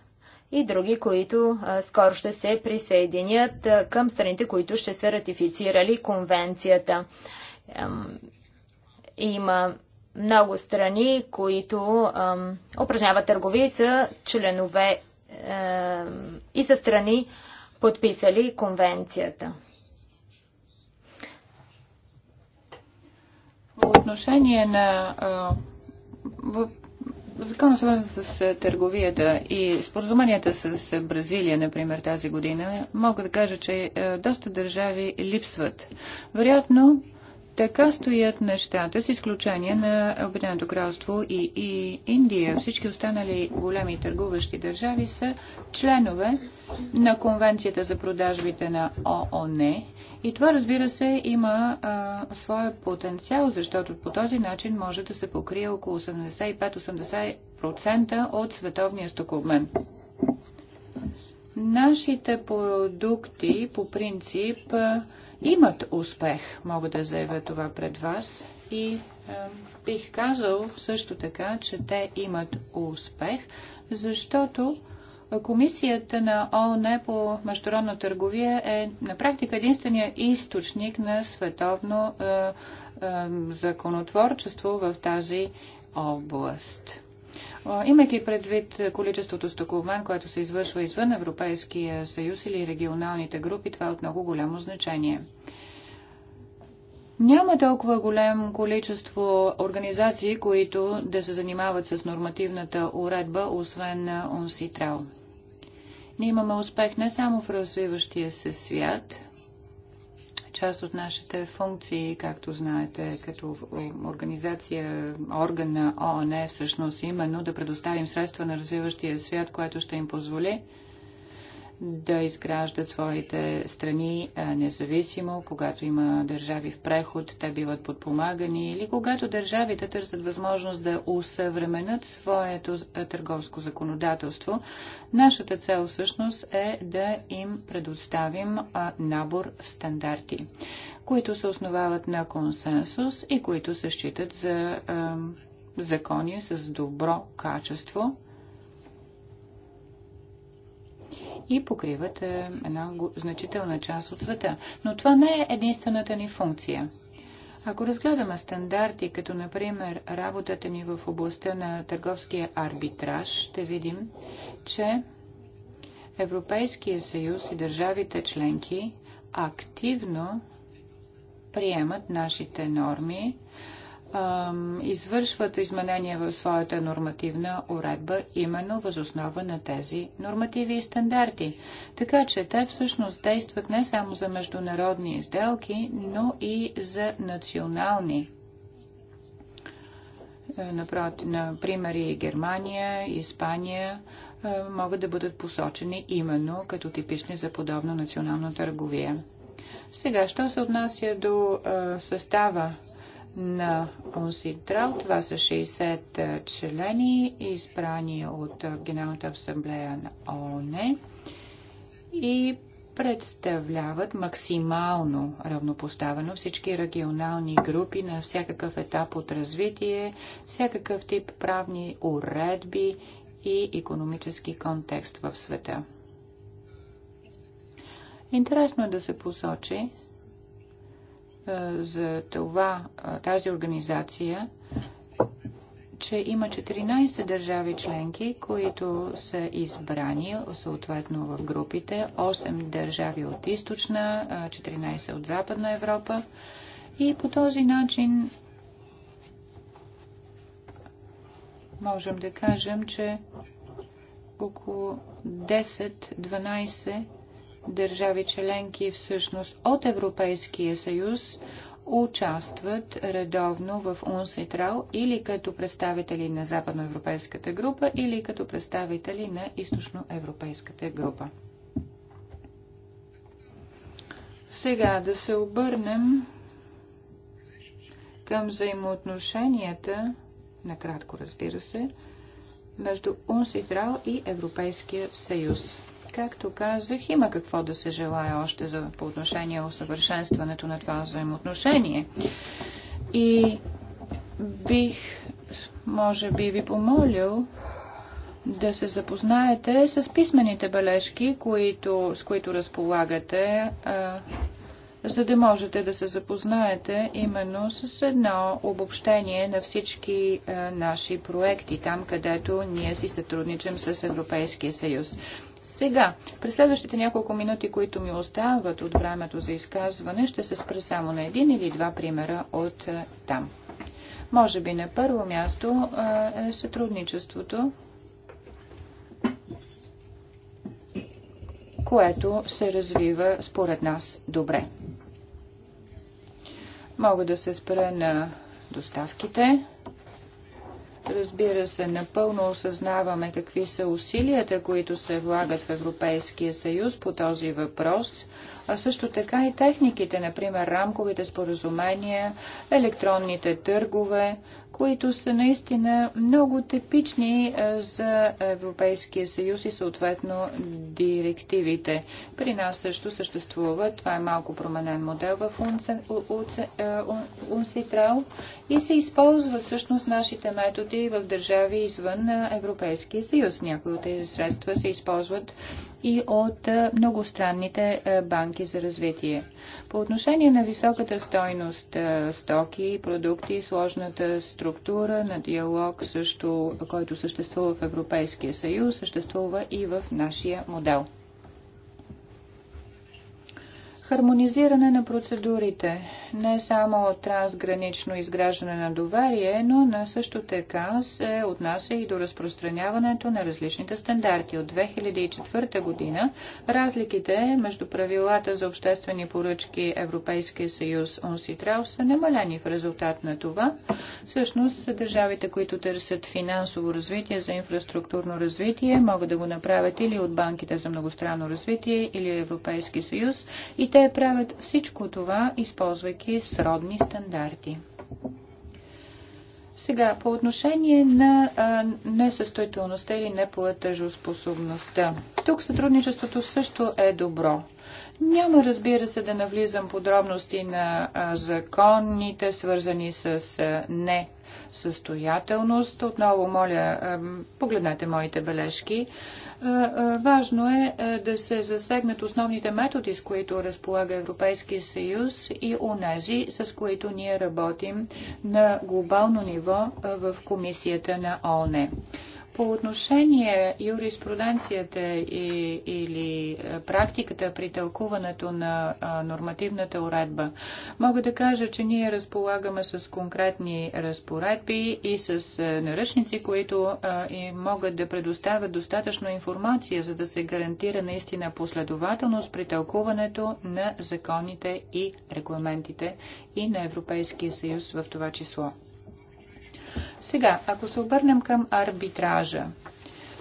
и други, които скоро ще се присъединят към страните, които ще са ратифицирали конвенцията. Има много страни, които упражняват търговия са членове и са страни подписали конвенцията. По отношение на в, закона свързан с търговията и споразуменията с Бразилия, например, тази година, мога да кажа, че доста държави липсват. Вероятно, така стоят нещата, с изключение на Обединеното кралство и, и Индия. Всички останали големи търгуващи държави са членове на Конвенцията за продажбите на ООН. И това, разбира се, има а, своя потенциал, защото по този начин може да се покрие около 85-80% от световния стокобмен. Нашите продукти, по принцип, имат успех. Мога да заявя това пред вас и е, бих казал също така, че те имат успех, защото Комисията на ООН по международна търговия е на практика единствения източник на световно е, е, законотворчество в тази област. Имайки предвид количеството стокоман, което се извършва извън Европейския съюз или регионалните групи, това е от много голямо значение. Няма толкова голям количество организации, които да се занимават с нормативната уредба, освен на УНСИТРАЛ. Ние имаме успех не само в развиващия се свят, част от нашите функции, както знаете, като организация, орган на ООН, всъщност именно да предоставим средства на развиващия свят, което ще им позволи да изграждат своите страни независимо, когато има държави в преход, те биват подпомагани или когато държавите търсят възможност да усъвременят своето търговско законодателство. Нашата цел всъщност е да им предоставим набор стандарти, които се основават на консенсус и които се считат за закони с добро качество и покриват е, една значителна част от света. Но това не е единствената ни функция. Ако разгледаме стандарти, като например работата ни в областта на търговския арбитраж, ще видим, че Европейския съюз и държавите членки активно приемат нашите норми, извършват изменения в своята нормативна уредба, именно възоснова на тези нормативи и стандарти. Така че те всъщност действат не само за международни изделки, но и за национални. Е, Например, и Германия, Испания е, могат да бъдат посочени именно като типични за подобна национална търговия. Сега, що се отнася до е, състава на трал. Това са 60 члени, избрани от Генералната асамблея на ООН и представляват максимално равнопоставено всички регионални групи на всякакъв етап от развитие, всякакъв тип правни уредби и економически контекст в света. Интересно е да се посочи, е, за това, е, тази организация, че има 14 държави членки, които са избрани съответно в групите, 8 държави от източна, 14 е, от западна Европа и по този начин можем да кажем, че около 10-12 държави членки всъщност от Европейския съюз участват редовно в УНСИТРАЛ или като представители на Западноевропейската група, или като представители на Източноевропейската група. Сега да се обърнем към взаимоотношенията, накратко разбира се, между УНСИТРАЛ и Европейския съюз както казах, има какво да се желая още за, по отношение усъвършенстването на това взаимоотношение. И бих, може би, ви помолил да се запознаете с писмените бележки, които, с които разполагате, а, за да можете да се запознаете именно с едно обобщение на всички а, наши проекти, там където ние си сътрудничим с Европейския съюз. Сега, през следващите няколко минути, които ми остават от времето за изказване, ще се спра само на един или два примера от е, там. Може би на първо място е, е сътрудничеството, което се развива според нас добре. Мога да се спра на доставките, Разбира се, напълно осъзнаваме какви са усилията, които се влагат в Европейския съюз по този въпрос, а също така и техниките, например рамковите споразумения, електронните търгове, които са наистина много типични е, за Европейския съюз и съответно директивите. При нас също съществува, това е малко променен модел в е, УНСИТРАЛ и се използват всъщност нашите методи в държави извън Европейския съюз. Някои от тези средства се използват и от многостранните банки за развитие. По отношение на високата стойност стоки, продукти, сложната структура на диалог, също, който съществува в Европейския съюз, съществува и в нашия модел. Хармонизиране на процедурите, не само трансгранично изграждане на доверие, но на също така се отнася и до разпространяването на различните стандарти. От 2004 година разликите между правилата за обществени поръчки Европейския съюз УНСИТРАЛ са намалени в резултат на това. Всъщност, държавите, които търсят финансово развитие за инфраструктурно развитие, могат да го направят или от банките за многостранно развитие, или Европейски съюз и те правят всичко това, използвайки сродни стандарти. Сега, по отношение на а, несъстоятелността или неплатежоспособността. Тук сътрудничеството също е добро. Няма, разбира се, да навлизам подробности на а, законите, свързани с а, не състоятелност. Отново, моля, погледнете моите бележки. Важно е да се засегнат основните методи, с които разполага Европейския съюз и онези, с които ние работим на глобално ниво в Комисията на ООН. По отношение юриспруденцията и, или е, практиката при тълкуването на а, нормативната уредба, мога да кажа, че ние разполагаме с конкретни разпоредби и с а, е, наръчници, които а, и могат да предоставят достатъчно информация, за да се гарантира наистина последователност при тълкуването на законите и регламентите и на Европейския съюз в това число. Сега, ако се обърнем към арбитража.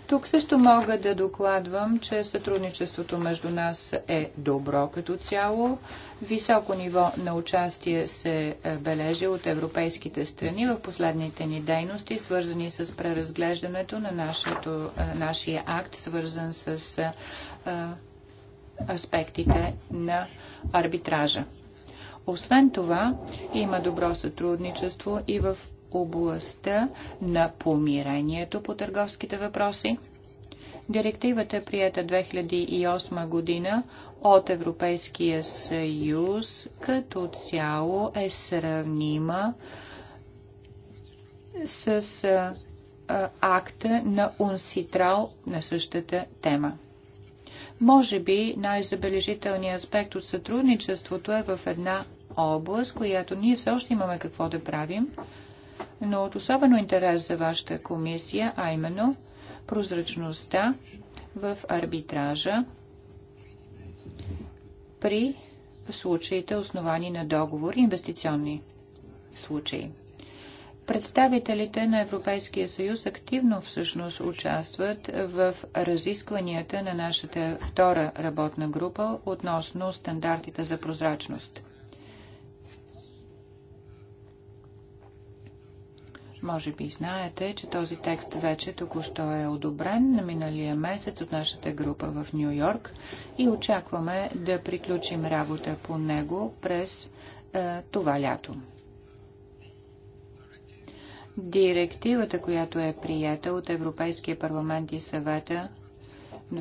Тук също мога да докладвам, че сътрудничеството между нас е добро като цяло. Високо ниво на участие се е, бележи от европейските страни в последните ни дейности, свързани с преразглеждането на нашето, е, нашия акт, свързан с е, аспектите на арбитража. Освен това, има добро сътрудничество и в областта на помирението по търговските въпроси. Директивата е прията 2008 година от Европейския съюз като цяло е сравнима с акта на Унситрал на същата тема. Може би най-забележителният аспект от сътрудничеството е в една област, която ние все още имаме какво да правим – но от особено интерес за вашата комисия, а именно прозрачността в арбитража при случаите основани на договори, инвестиционни случаи. Представителите на Европейския съюз активно всъщност участват в разискванията на нашата втора работна група относно стандартите за прозрачност. Може би знаете, че този текст вече току-що е одобрен на миналия месец от нашата група в Нью Йорк и очакваме да приключим работа по него през е, това лято. Директивата, която е прията от Европейския парламент и съвета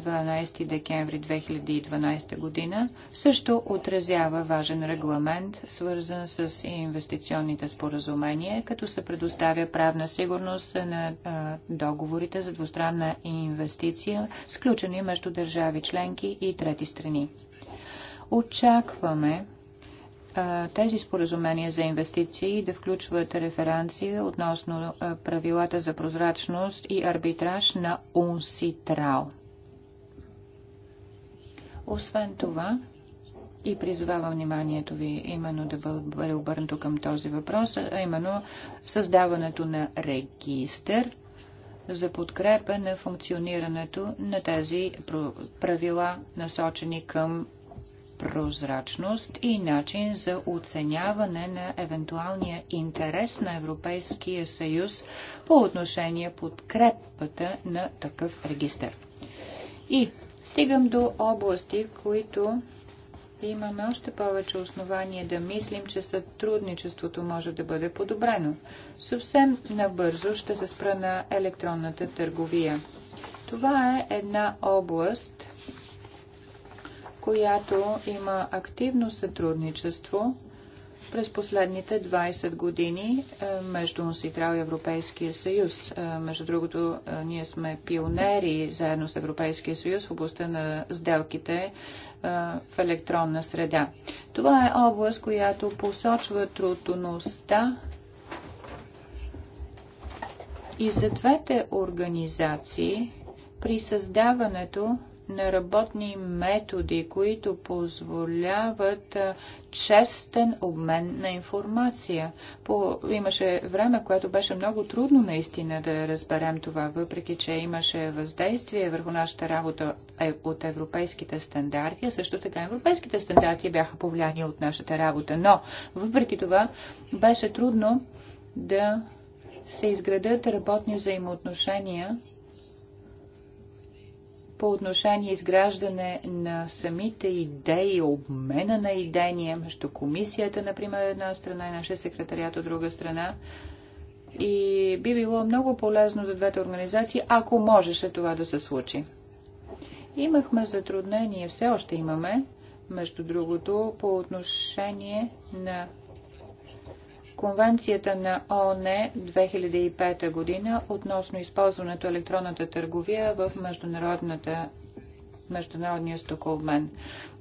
12 декември 2012 година също отразява важен регламент, свързан с инвестиционните споразумения, като се предоставя правна сигурност на договорите за двустранна инвестиция, сключени между държави членки и трети страни. Очакваме тези споразумения за инвестиции да включват референции относно правилата за прозрачност и арбитраж на УНСИТРАО. Освен това, и призовава вниманието ви именно да бъде обърнато към този въпрос, а именно създаването на регистър за подкрепа на функционирането на тези правила, насочени към прозрачност и начин за оценяване на евентуалния интерес на Европейския съюз по отношение подкрепата на такъв регистр. И Стигам до области, които имаме още повече основание да мислим, че сътрудничеството може да бъде подобрено. Съвсем набързо ще се спра на електронната търговия. Това е една област, която има активно сътрудничество през последните 20 години е, между Носитрал и Европейския съюз. Е, между другото, е, ние сме пионери заедно с Европейския съюз в областта на сделките в електронна среда. Това е област, която посочва трудността и за двете организации при създаването на работни методи, които позволяват честен обмен на информация. По, имаше време, което беше много трудно наистина да разберем това, въпреки че имаше въздействие върху нашата работа е, от европейските стандарти, а също така европейските стандарти бяха повлияни от нашата работа. Но, въпреки това, беше трудно да се изградат работни взаимоотношения по отношение изграждане на самите идеи, обмена на идеи между комисията, например, една страна и нашия секретарият от друга страна. И би било много полезно за двете организации, ако можеше това да се случи. Имахме затруднение, все още имаме, между другото, по отношение на Конвенцията на ООН 2005 година относно използването електронната търговия в международната международния стокообмен.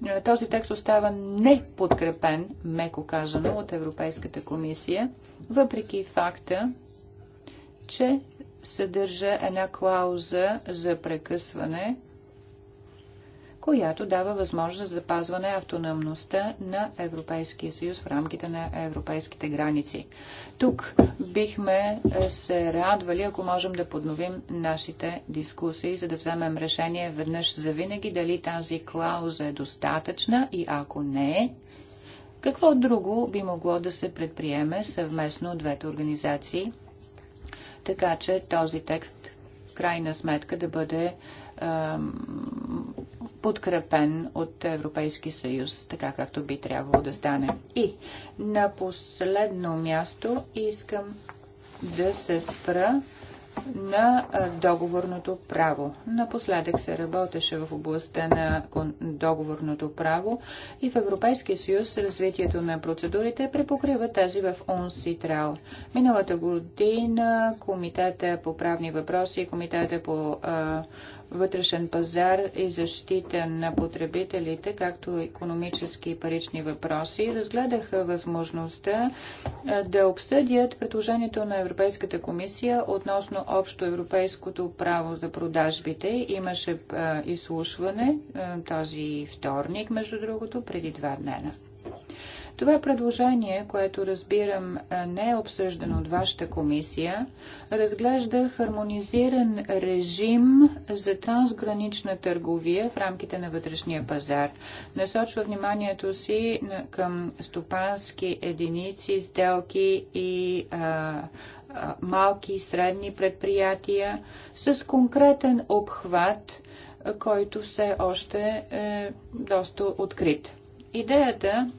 Е, този текст остава неподкрепен, меко казано, от Европейската комисия, въпреки факта, че съдържа една клауза за прекъсване – която дава възможност за запазване автономността на Европейския съюз в рамките на европейските граници. Тук бихме е, се радвали, ако можем да подновим нашите дискусии, за да вземем решение веднъж за винаги дали тази клауза е достатъчна и ако не е, какво друго би могло да се предприеме съвместно от двете организации, така че този текст в крайна сметка да бъде е, подкрепен от Европейски съюз, така както би трябвало да стане. И на последно място искам да се спра на договорното право. Напоследък се работеше в областта на договорното право и в Европейския съюз развитието на процедурите препокрива тази в УНСИТРАЛ. Миналата година Комитета по правни въпроси и Комитета по а, вътрешен пазар и защита на потребителите, както економически и парични въпроси, разгледаха възможността да обсъдят предложението на Европейската комисия относно общо европейското право за продажбите. Имаше изслушване този вторник, между другото, преди два дена. Това е предложение, което разбирам не е обсъждано от вашата комисия, разглежда хармонизиран режим за трансгранична търговия в рамките на вътрешния пазар. Насочва вниманието си към стопански единици, сделки и а, малки и средни предприятия с конкретен обхват, който все още е доста открит. Идеята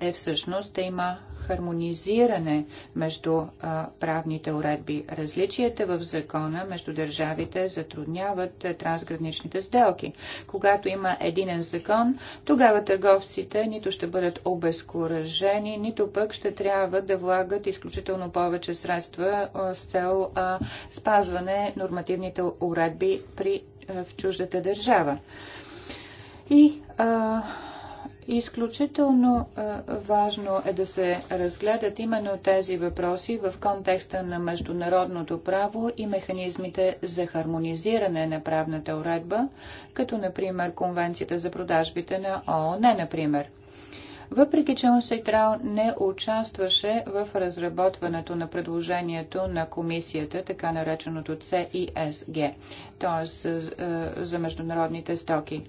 е всъщност да има хармонизиране между а, правните уредби. Различията в закона между държавите затрудняват а, трансграничните сделки. Когато има единен закон, тогава търговците нито ще бъдат обезкуражени, нито пък ще трябва да влагат изключително повече средства а, с цел спазване нормативните уредби при, в чуждата държава. И а, Изключително важно е да се разгледат именно тези въпроси в контекста на международното право и механизмите за хармонизиране на правната уредба, като например Конвенцията за продажбите на ООН, например. Въпреки, че Унсейтрал не участваше в разработването на предложението на комисията, така нареченото CISG, т.е. за международните стоки.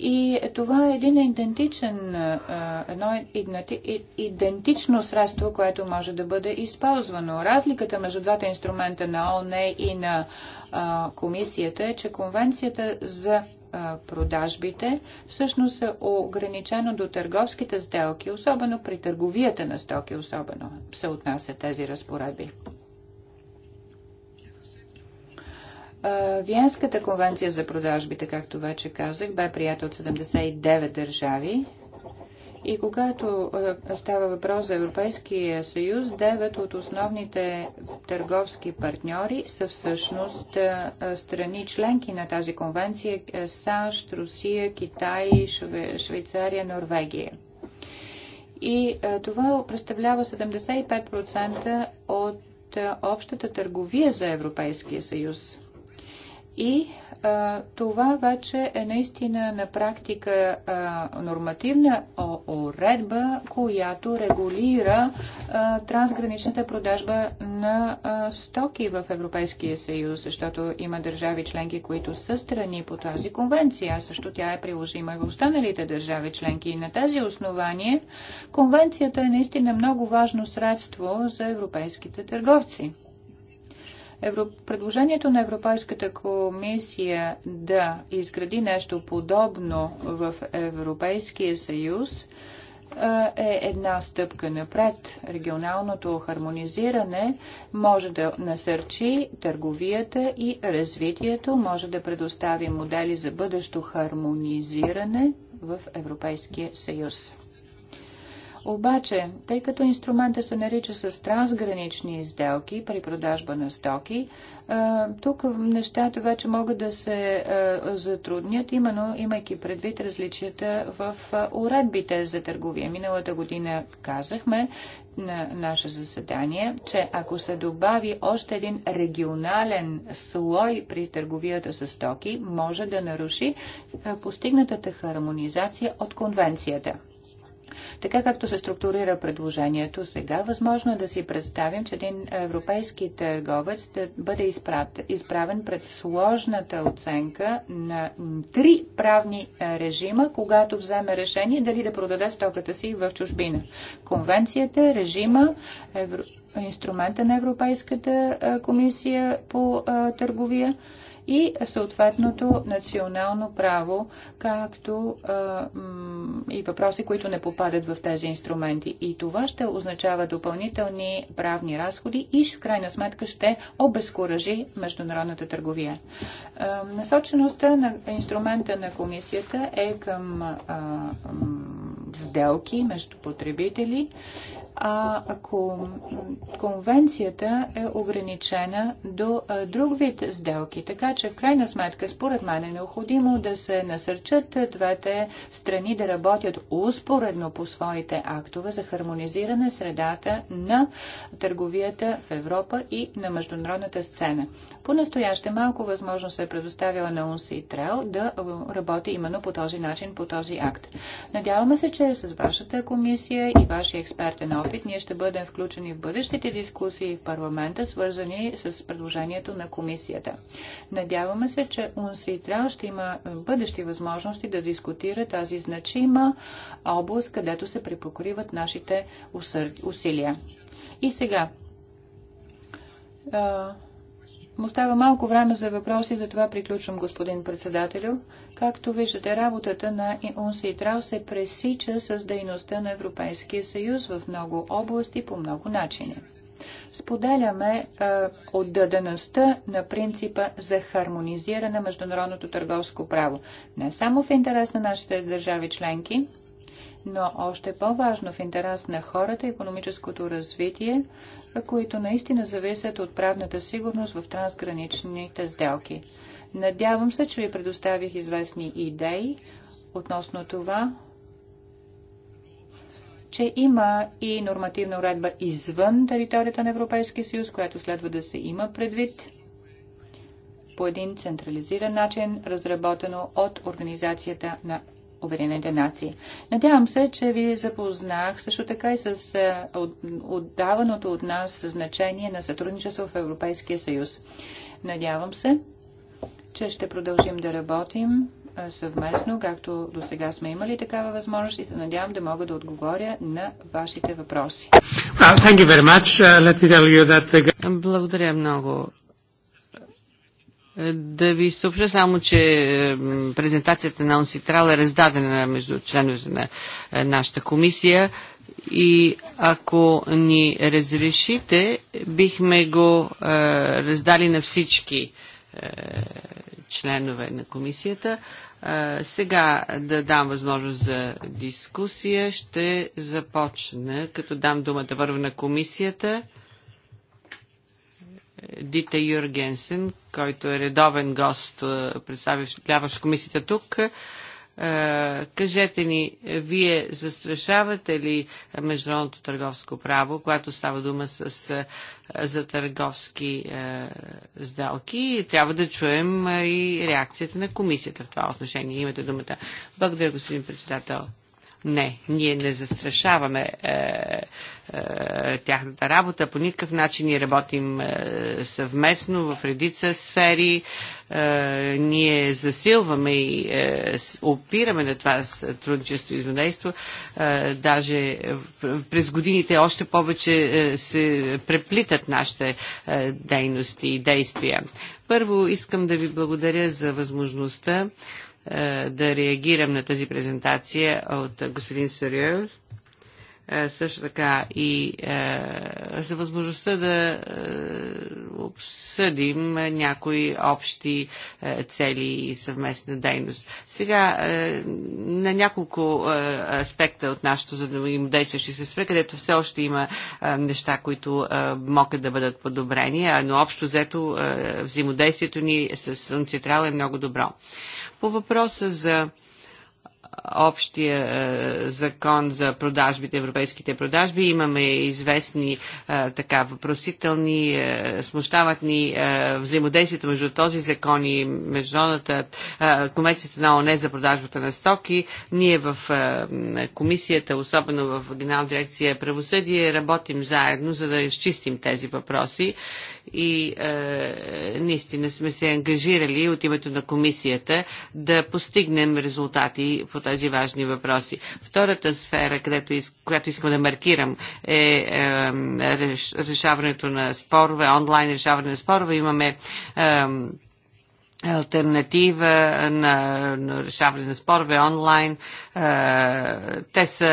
И това е един идентичен, едно идентично средство, което може да бъде използвано. Разликата между двата инструмента на ООН и на комисията е, че конвенцията за продажбите всъщност е ограничено до търговските сделки, особено при търговията на стоки, особено се отнася тези разпоредби. Виенската конвенция за продажбите, както вече казах, бе прията от 79 държави. И когато става въпрос за Европейския съюз, 9 от основните търговски партньори са всъщност страни членки на тази конвенция САЩ, Русия, Китай, Швейцария, Норвегия. И това представлява 75% от общата търговия за Европейския съюз. И а, това вече е наистина на практика а, нормативна уредба, която регулира а, трансграничната продажба на а, стоки в Европейския съюз, защото има държави членки, които са страни по тази конвенция, а също тя е приложима и в останалите държави членки. И на тази основание конвенцията е наистина много важно средство за европейските търговци. Евро... Предложението на Европейската комисия да изгради нещо подобно в Европейския съюз е една стъпка напред. Регионалното хармонизиране може да насърчи търговията и развитието, може да предостави модели за бъдещо хармонизиране в Европейския съюз. Обаче, тъй като инструмента се нарича с трансгранични изделки при продажба на стоки, тук нещата вече могат да се затруднят, именно имайки предвид различията в уредбите за търговия. Миналата година казахме на наше заседание, че ако се добави още един регионален слой при търговията с стоки, може да наруши постигнатата хармонизация от конвенцията. Така както се структурира предложението сега, възможно е да си представим, че един европейски търговец да бъде изправен пред сложната оценка на три правни е, режима, когато вземе решение дали да продаде стоката си в чужбина. Конвенцията, режима, евро... инструмента на Европейската е, комисия по е, търговия и съответното национално право, както а, и въпроси, които не попадат в тези инструменти. И това ще означава допълнителни правни разходи и в крайна сметка ще обезкуражи международната търговия. А, насочеността на инструмента на комисията е към а, сделки между потребители а ако конвенцията е ограничена до друг вид сделки. Така че в крайна сметка, според мен е необходимо да се насърчат двете страни да работят успоредно по своите актове за хармонизиране средата на търговията в Европа и на международната сцена. По-настояще малко възможно се е предоставила на и УНСИТРЕЛ да работи именно по този начин, по този акт. Надяваме се, че с вашата комисия и вашия експертен офис опит. Ние ще бъдем включени в бъдещите дискусии в парламента, свързани с предложението на комисията. Надяваме се, че УНСИТРАЛ ще има бъдещи възможности да дискутира тази значима област, където се припокриват нашите усилия. И сега му става малко време за въпроси, затова приключвам, господин председателю. Както виждате, работата на и Трау се пресича с дейността на Европейския съюз в много области по много начини. Споделяме е, отдадеността на принципа за хармонизиране на международното търговско право. Не само в интерес на нашите държави членки, но още по-важно в интерес на хората економическото развитие, които наистина зависят от правната сигурност в трансграничните сделки. Надявам се, че ви предоставих известни идеи относно това, че има и нормативна уредба извън територията на Европейския съюз, която следва да се има предвид по един централизиран начин, разработено от Организацията на Обединените нации. Надявам се, че ви запознах също така и с е, отдаваното от нас значение на сътрудничество в Европейския съюз. Надявам се, че ще продължим да работим е, съвместно, както до сега сме имали такава възможност и се надявам да мога да отговоря на вашите въпроси. Uh, Благодаря много. Да ви съобща само, че презентацията на Онситрал е раздадена между членовете на е, нашата комисия и ако ни разрешите, бихме го е, раздали на всички е, членове на комисията. Е, сега да дам възможност за дискусия. Ще започна, като дам думата първо на комисията. Дита Юргенсен, който е редовен гост, представляващ комисията тук. Кажете ни, вие застрашавате ли международното търговско право, когато става дума с, за търговски е, сделки? Трябва да чуем и реакцията на комисията в това отношение. Имате думата. Благодаря, господин председател. Не, ние не застрашаваме е, е, тяхната работа. По никакъв начин ние работим е, съвместно в редица сфери. Е, ние засилваме и е, опираме на това сътрудничество и взаимодейство. Е, даже е, през годините още повече е, се преплитат нашите е, дейности и действия. Първо искам да ви благодаря за възможността е, да реагирам на тази презентация от господин Сориор. Е, също така и е, за възможността да е, обсъдим някои общи цели и съвместна дейност. Сега на няколко аспекта от нашето взаимодействие ще се спре, където все още има неща, които могат да бъдат подобрени, но общо взето взаимодействието ни с Централ е много добро. По въпроса за общия е, закон за продажбите, европейските продажби. Имаме известни е, така въпросителни, е, смущават ни взаимодействието между този закон и международната е, конвенцията на ОНЕ за продажбата на стоки. Ние в комисията, особено в Генерална дирекция правосъдие, работим заедно, за да изчистим тези въпроси и е, наистина сме се ангажирали от името на комисията да постигнем резултати по тези важни въпроси. Втората сфера, където, която искам да маркирам е, е решаването на спорове, онлайн решаване на спорове. Имаме е, альтернатива на, на решаване на спорове онлайн. Е, те са...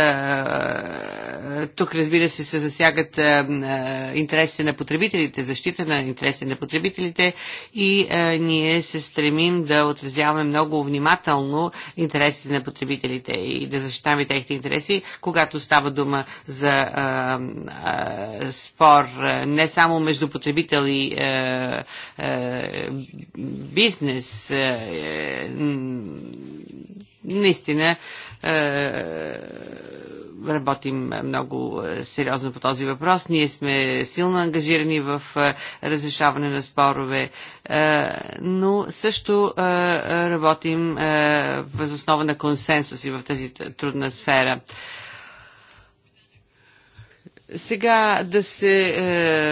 Тук, разбира се, се засягат интересите на потребителите, защита на интересите на потребителите и ние се стремим да отразяваме много внимателно интересите на потребителите и да защитаваме техните интереси, когато става дума за спор не само между потребител и бизнес. Е, наистина, е, работим много е, сериозно по този въпрос. Ние сме силно ангажирани в е, разрешаване на спорове, но също работим в основа на консенсус и в тази трудна сфера. Сега да се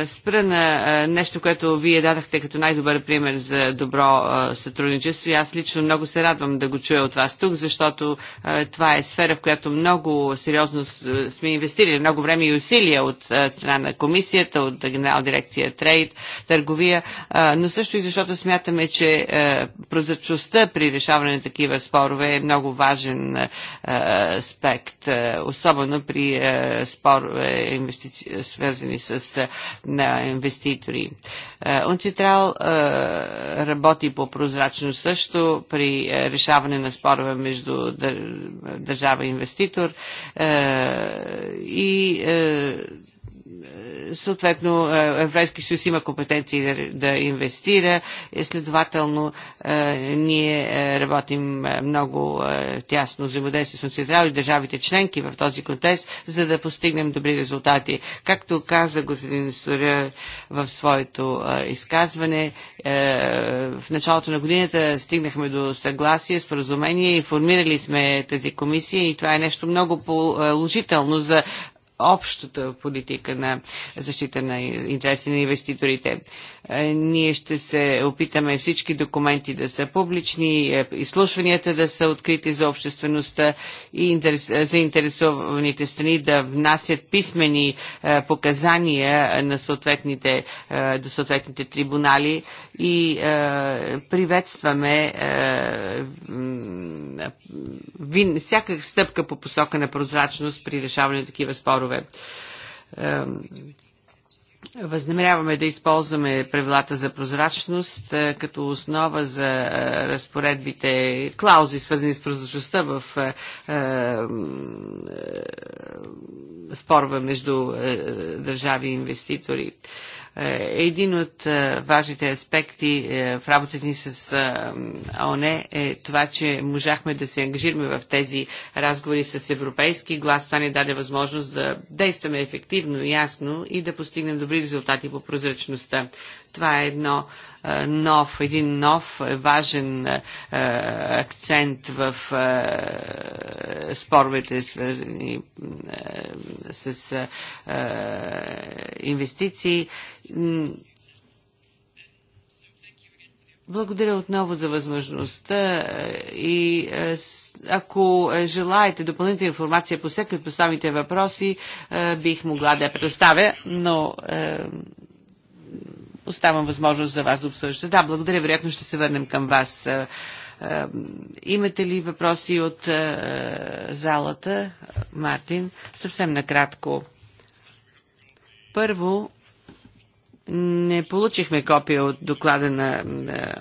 е, спра на е, нещо, което вие дадахте като най-добър пример за добро е, сътрудничество. И аз лично много се радвам да го чуя от вас тук, защото е, това е сфера, в която много сериозно е, сме инвестирали много време и усилия от е, страна на комисията, от генерал дирекция Трейд, търговия, е, но също и защото смятаме, че е, прозрачността при решаване на такива спорове е много важен е, е аспект, е, особено при е, спорове инвестици... Е, свързани с е, на инвеститори. Е, Унцитрал работи по прозрачност също при решаване на спорове между държава и инвеститор и съответно е, Еврейски съюз има компетенции да, да инвестира, следователно е, ние е, работим много тясно взаимодействие с Централ и държавите членки в този контекст, за да постигнем добри резултати. Както каза господин Соря в своето изказване, в началото на годината стигнахме до съгласие, споразумение, информирали сме тази комисия и това е нещо много положително за общата политика на защита на интереси на инвеститорите. Е, ние ще се опитаме всички документи да са публични, е, изслушванията да са открити за обществеността и е, заинтересованите страни да внасят писмени показания на съответните, до съответните трибунали и приветстваме всяка стъпка по посока на прозрачност при решаване на такива спорове. Възнамеряваме да използваме правилата за прозрачност е, като основа за е, разпоредбите, клаузи, свързани с прозрачността в е, спорва между държави и инвеститори. Е, един от е, важните аспекти е, в работата ни с ОНЕ е това, че можахме да се ангажираме в тези разговори с европейски глас. Това ни даде възможност да действаме ефективно, ясно и да постигнем добри резултати по прозрачността. Това е едно е, нов, един нов важен е, акцент в е, споровете, свързани с инвестиции. Благодаря отново за възможността и ако желаете допълнителна информация по всеки от поставените въпроси, бих могла да я представя, но оставам възможност за вас да обсъждате. Да, благодаря. Вероятно ще се върнем към вас. Е, е, имате ли въпроси от е, залата, Мартин? Съвсем накратко. Първо, не получихме копия от доклада на,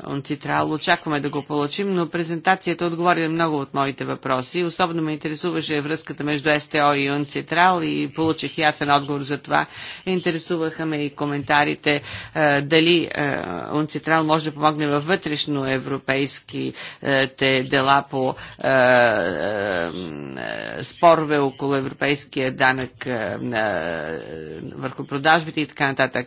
Онцитрал, очакваме да го получим, но презентацията отговори на много от моите въпроси. Особено ме интересуваше връзката между СТО и Онцитрал и получих ясен отговор за това. Интересуваха ме и коментарите е, дали е, Онцитрал може да помогне във вътрешно европейските дела по е, спорове около европейския данък върху продажбите и така нататък.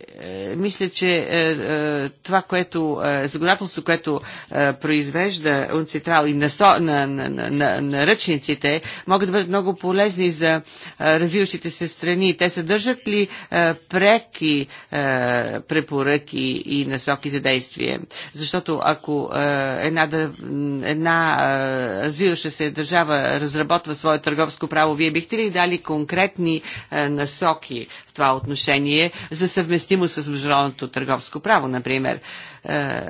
Е, мисля, че е, е, това, което законодателство, което произвежда Унцитрал и на, на, на, на, на ръчниците, могат да бъдат много полезни за развиващите се страни. Те съдържат ли преки препоръки и насоки за действие? Защото ако една, една развиваща се държава разработва свое търговско право, вие бихте ли дали конкретни насоки в това отношение за съвместимост съвместимо с международното търговско право, например. Е,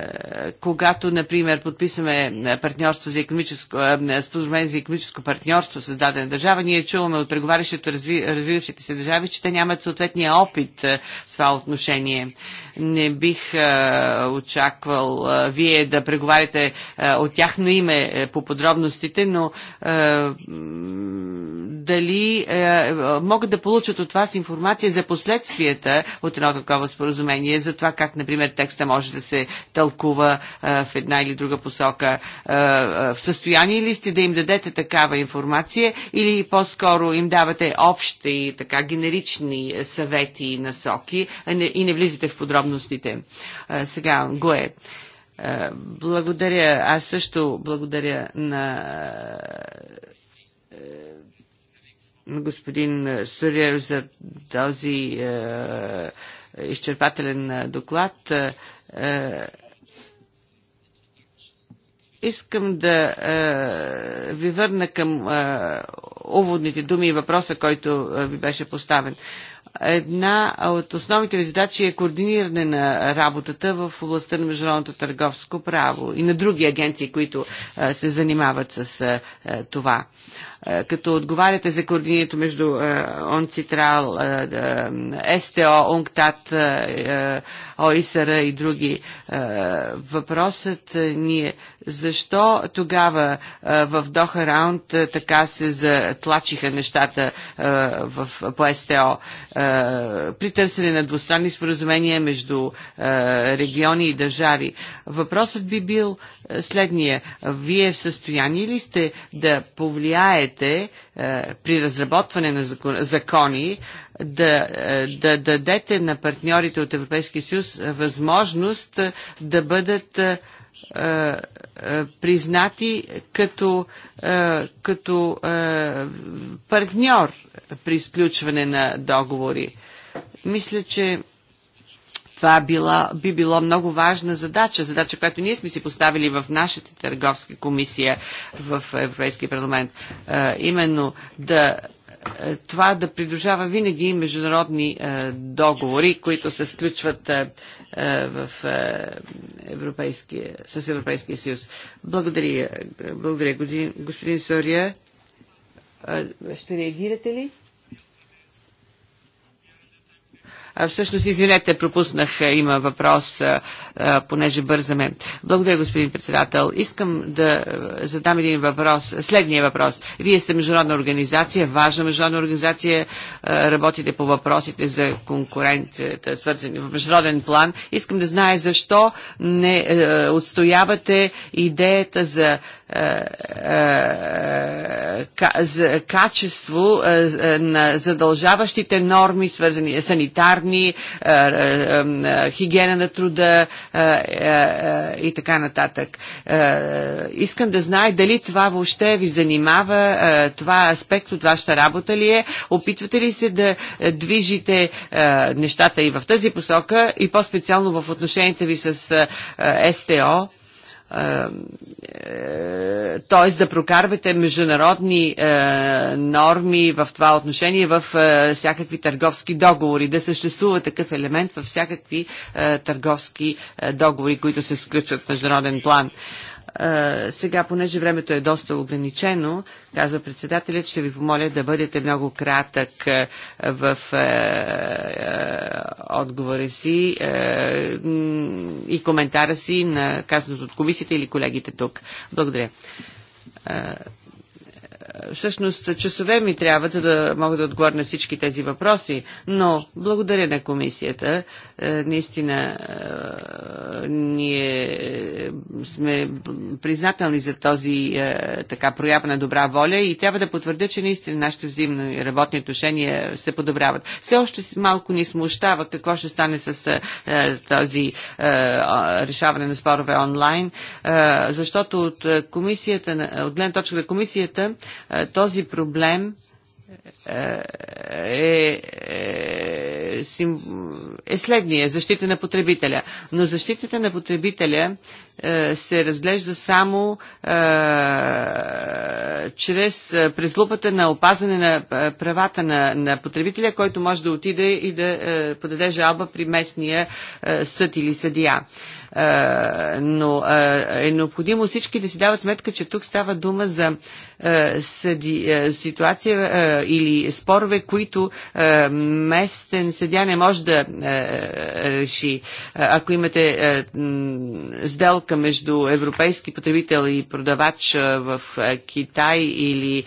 когато, например, подписваме партньорство за економическо, е, споразумение за економическо партньорство с дадена държава, ние чуваме от преговарящите разви, развиващите се държави, че те нямат съответния опит е, в това отношение не бих а, очаквал а, вие да преговаряте а, от тяхно име а, е, по подробностите, но а, дали а, е, могат да получат от вас информация за последствията от едно такова споразумение, за това как, например, текста може да се тълкува а, в една или друга посока. А, а, в състояние ли сте да им дадете такава информация или по-скоро им давате общи, така генерични е, съвети и насоки и не влизате в подробности? трудностите. Сега, Гое. Благодаря. Аз също благодаря на господин Сурьер за този изчерпателен доклад. Искам да е, ви върна към е, уводните думи и въпроса, който е, ви беше поставен. Е, Една от основните ви задачи е координиране на работата в областта на международното търговско право и на други агенции, които се занимават с това. Е, като отговаряте за координирането между е, ОНЦИТРАЛ, е, СТО, ОНКТАТ, ОИСР и други. Въпросът ни е защо тогава в Доха раунд така се затлачиха нещата по СТО? При търсене на двустранни споразумения между региони и държави. Въпросът би бил следния. Вие в състояние ли сте да повлияете дадете е, при разработване на закони, да, е, да дадете на партньорите от Европейския съюз възможност е, да бъдат признати като, като партньор при изключване на договори. Мисля, че това била, би било много важна задача, задача, която ние сме си поставили в нашата търговска комисия в Европейския парламент. А, е, именно да е, това да придружава винаги международни е, договори, които се сключват е, е в е, Европейския, с Европейския съюз. Благодаря, благодаря господин Сория. Ще реагирате ли? Всъщност, извинете, пропуснах, е, има въпрос, е, е, понеже бързаме. Благодаря, господин председател. Искам да задам един въпрос, следния въпрос. Вие сте международна организация, важна международна организация, работите по въпросите за конкуренцията, свързани в международен план. Искам да знае защо не отстоявате идеята за за качество на задължаващите норми, свързани санитарни животни, хигиена на труда и така нататък. Искам да знае дали това въобще ви занимава, това аспект от вашата работа ли е, опитвате ли се да движите нещата и в тази посока и по-специално в отношенията ви с СТО? т.е. Е, да прокарвате международни е, норми в това отношение в е, всякакви търговски договори, да съществува такъв елемент във всякакви е, търговски е, договори, които се сключват в международен план. Сега, понеже времето е доста ограничено, казва председателят, ще ви помоля да бъдете много кратък в отговора си и коментара си на казаното от комисията или колегите тук. Благодаря. Всъщност часове ми трябва, за да мога да отговоря на всички тези въпроси, но благодаря на комисията. Е, наистина е, ние сме признателни за този е, така проява на добра воля и трябва да потвърдя, че наистина нашите взаимни работни отношения се подобряват. Все още малко ни смущава какво ще стане с този решаване на спорове онлайн, защото от комисията, от гледна точка на комисията, е, този проблем е, е, е, е следния защита на потребителя. Но защитата на потребителя е, се разглежда само е, чрез, е, през лупата на опазване на правата на, на потребителя, който може да отиде и да подаде жалба при местния съд или съдия но е необходимо всички да си дават сметка, че тук става дума за съди, ситуация или спорове, които местен съдя не може да реши. Ако имате сделка сделка между европейски потребител и продавач в Китай или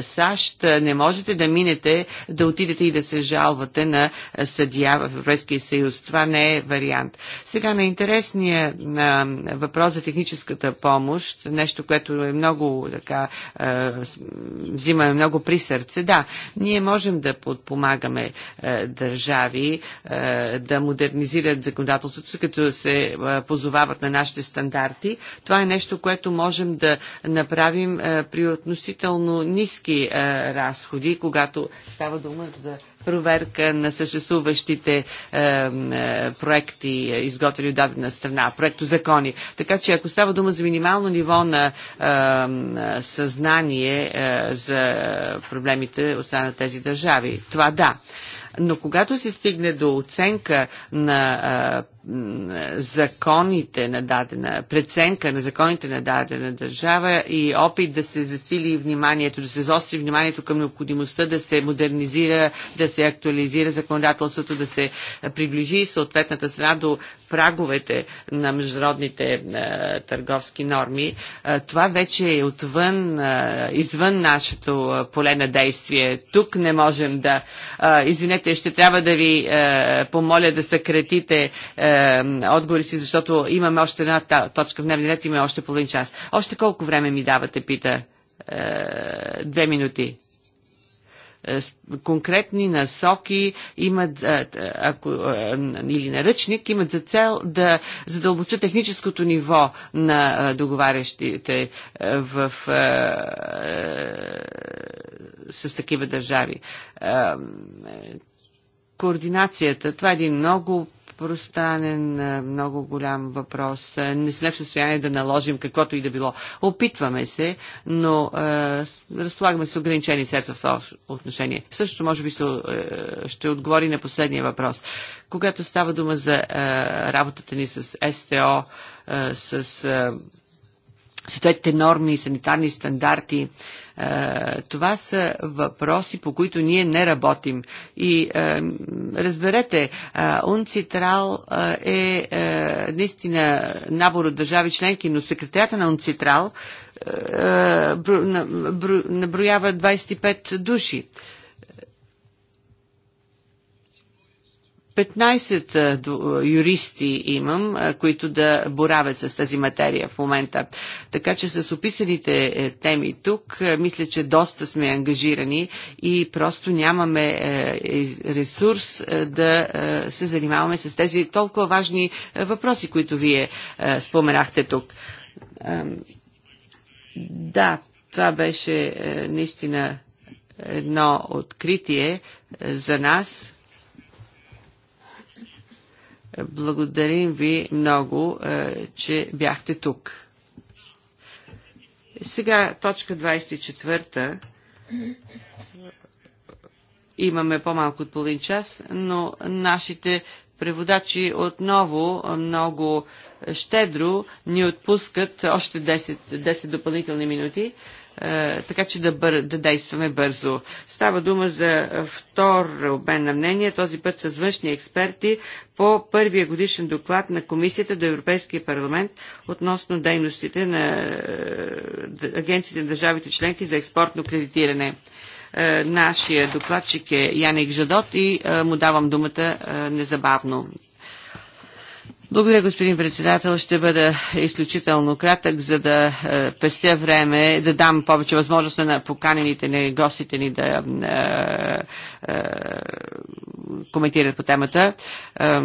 САЩ, не можете да минете, да отидете и да се жалвате на съдия в Европейския съюз. Това не е вариант. Сега на интересния на въпрос за техническата помощ, нещо, което е много така, взима много при сърце. Да, ние можем да подпомагаме държави да модернизират законодателството, като се позовават на нашите съществуващите стандарти. Това е нещо, което можем да направим е, при относително ниски е, разходи, когато става дума за проверка на съществуващите е, е, проекти, е, изготвени от дадена страна, проекто закони. Така че ако става дума за минимално ниво на е, съзнание е, за проблемите от страна на тези държави, това да. Но когато се стигне до оценка на е, законите на дадена, преценка на законите на дадена държава и опит да се засили вниманието, да се заостри вниманието към необходимостта да се модернизира, да се актуализира законодателството, да се приближи съответната страна до праговете на международните е, търговски норми. Е, това вече е отвън, е, извън нашето е, поле на действие. Тук не можем да... Е, извинете, ще трябва да ви е, помоля да съкретите. е, отговори си, защото имаме още една точка в дневния ред, имаме още половин час. Още колко време ми давате, пита? Е, две минути е, конкретни насоки имат, е, е, ако, или наръчник, имат за цел да задълбоча техническото ниво на договарящите в, с такива държави. Координацията, това е един много разпространен, много голям въпрос. Не сме в състояние да наложим каквото и да било. Опитваме се, но е, разполагаме с ограничени средства в това отношение. Също може би се, е, ще отговори на последния въпрос. Когато става дума за е, работата ни с СТО, е, с. Е, съответните норми и санитарни стандарти. Е, това са въпроси, по които ние не работим. И е, разберете, е, Унцитрал е наистина набор от държави членки, но секретарята на Унцитрал наброява 25 души. 15 юристи имам, които да боравят с тази материя в момента. Така че с описаните е, теми тук, мисля, че доста сме ангажирани и просто нямаме е, ресурс е, да се занимаваме с тези толкова важни въпроси, които вие споменахте тук. Да, това беше наистина едно откритие за нас Благодарим ви много, е, че бяхте тук. Сега точка 24. Имаме по-малко от половин час, но нашите преводачи отново много щедро ни отпускат още 10, 10 допълнителни минути. Е, така че да, бър, да действаме бързо. Става дума за втор обмен на мнение, този път с външни експерти по първия годишен доклад на Комисията до Европейския парламент относно дейностите на е, агенциите на държавите членки за експортно кредитиране. Е, нашия докладчик е Яник Жадот и му давам думата незабавно. Благодаря, господин председател. Ще бъда изключително кратък, за да е, пестя време, да дам повече възможност на поканените ни гостите ни да е, е, коментират по темата. Е,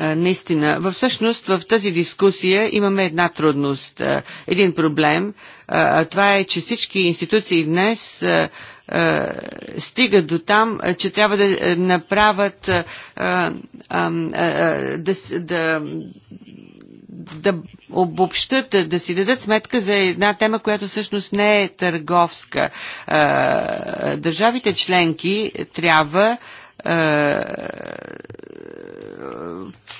наистина, във всъщност в тази дискусия имаме една трудност, е, един проблем. Е, това е, че всички институции днес е, стигат до там, е, че трябва да е, направят да, да да обобщат, да си дадат сметка за една тема, която всъщност не е търговска. Държавите членки трябва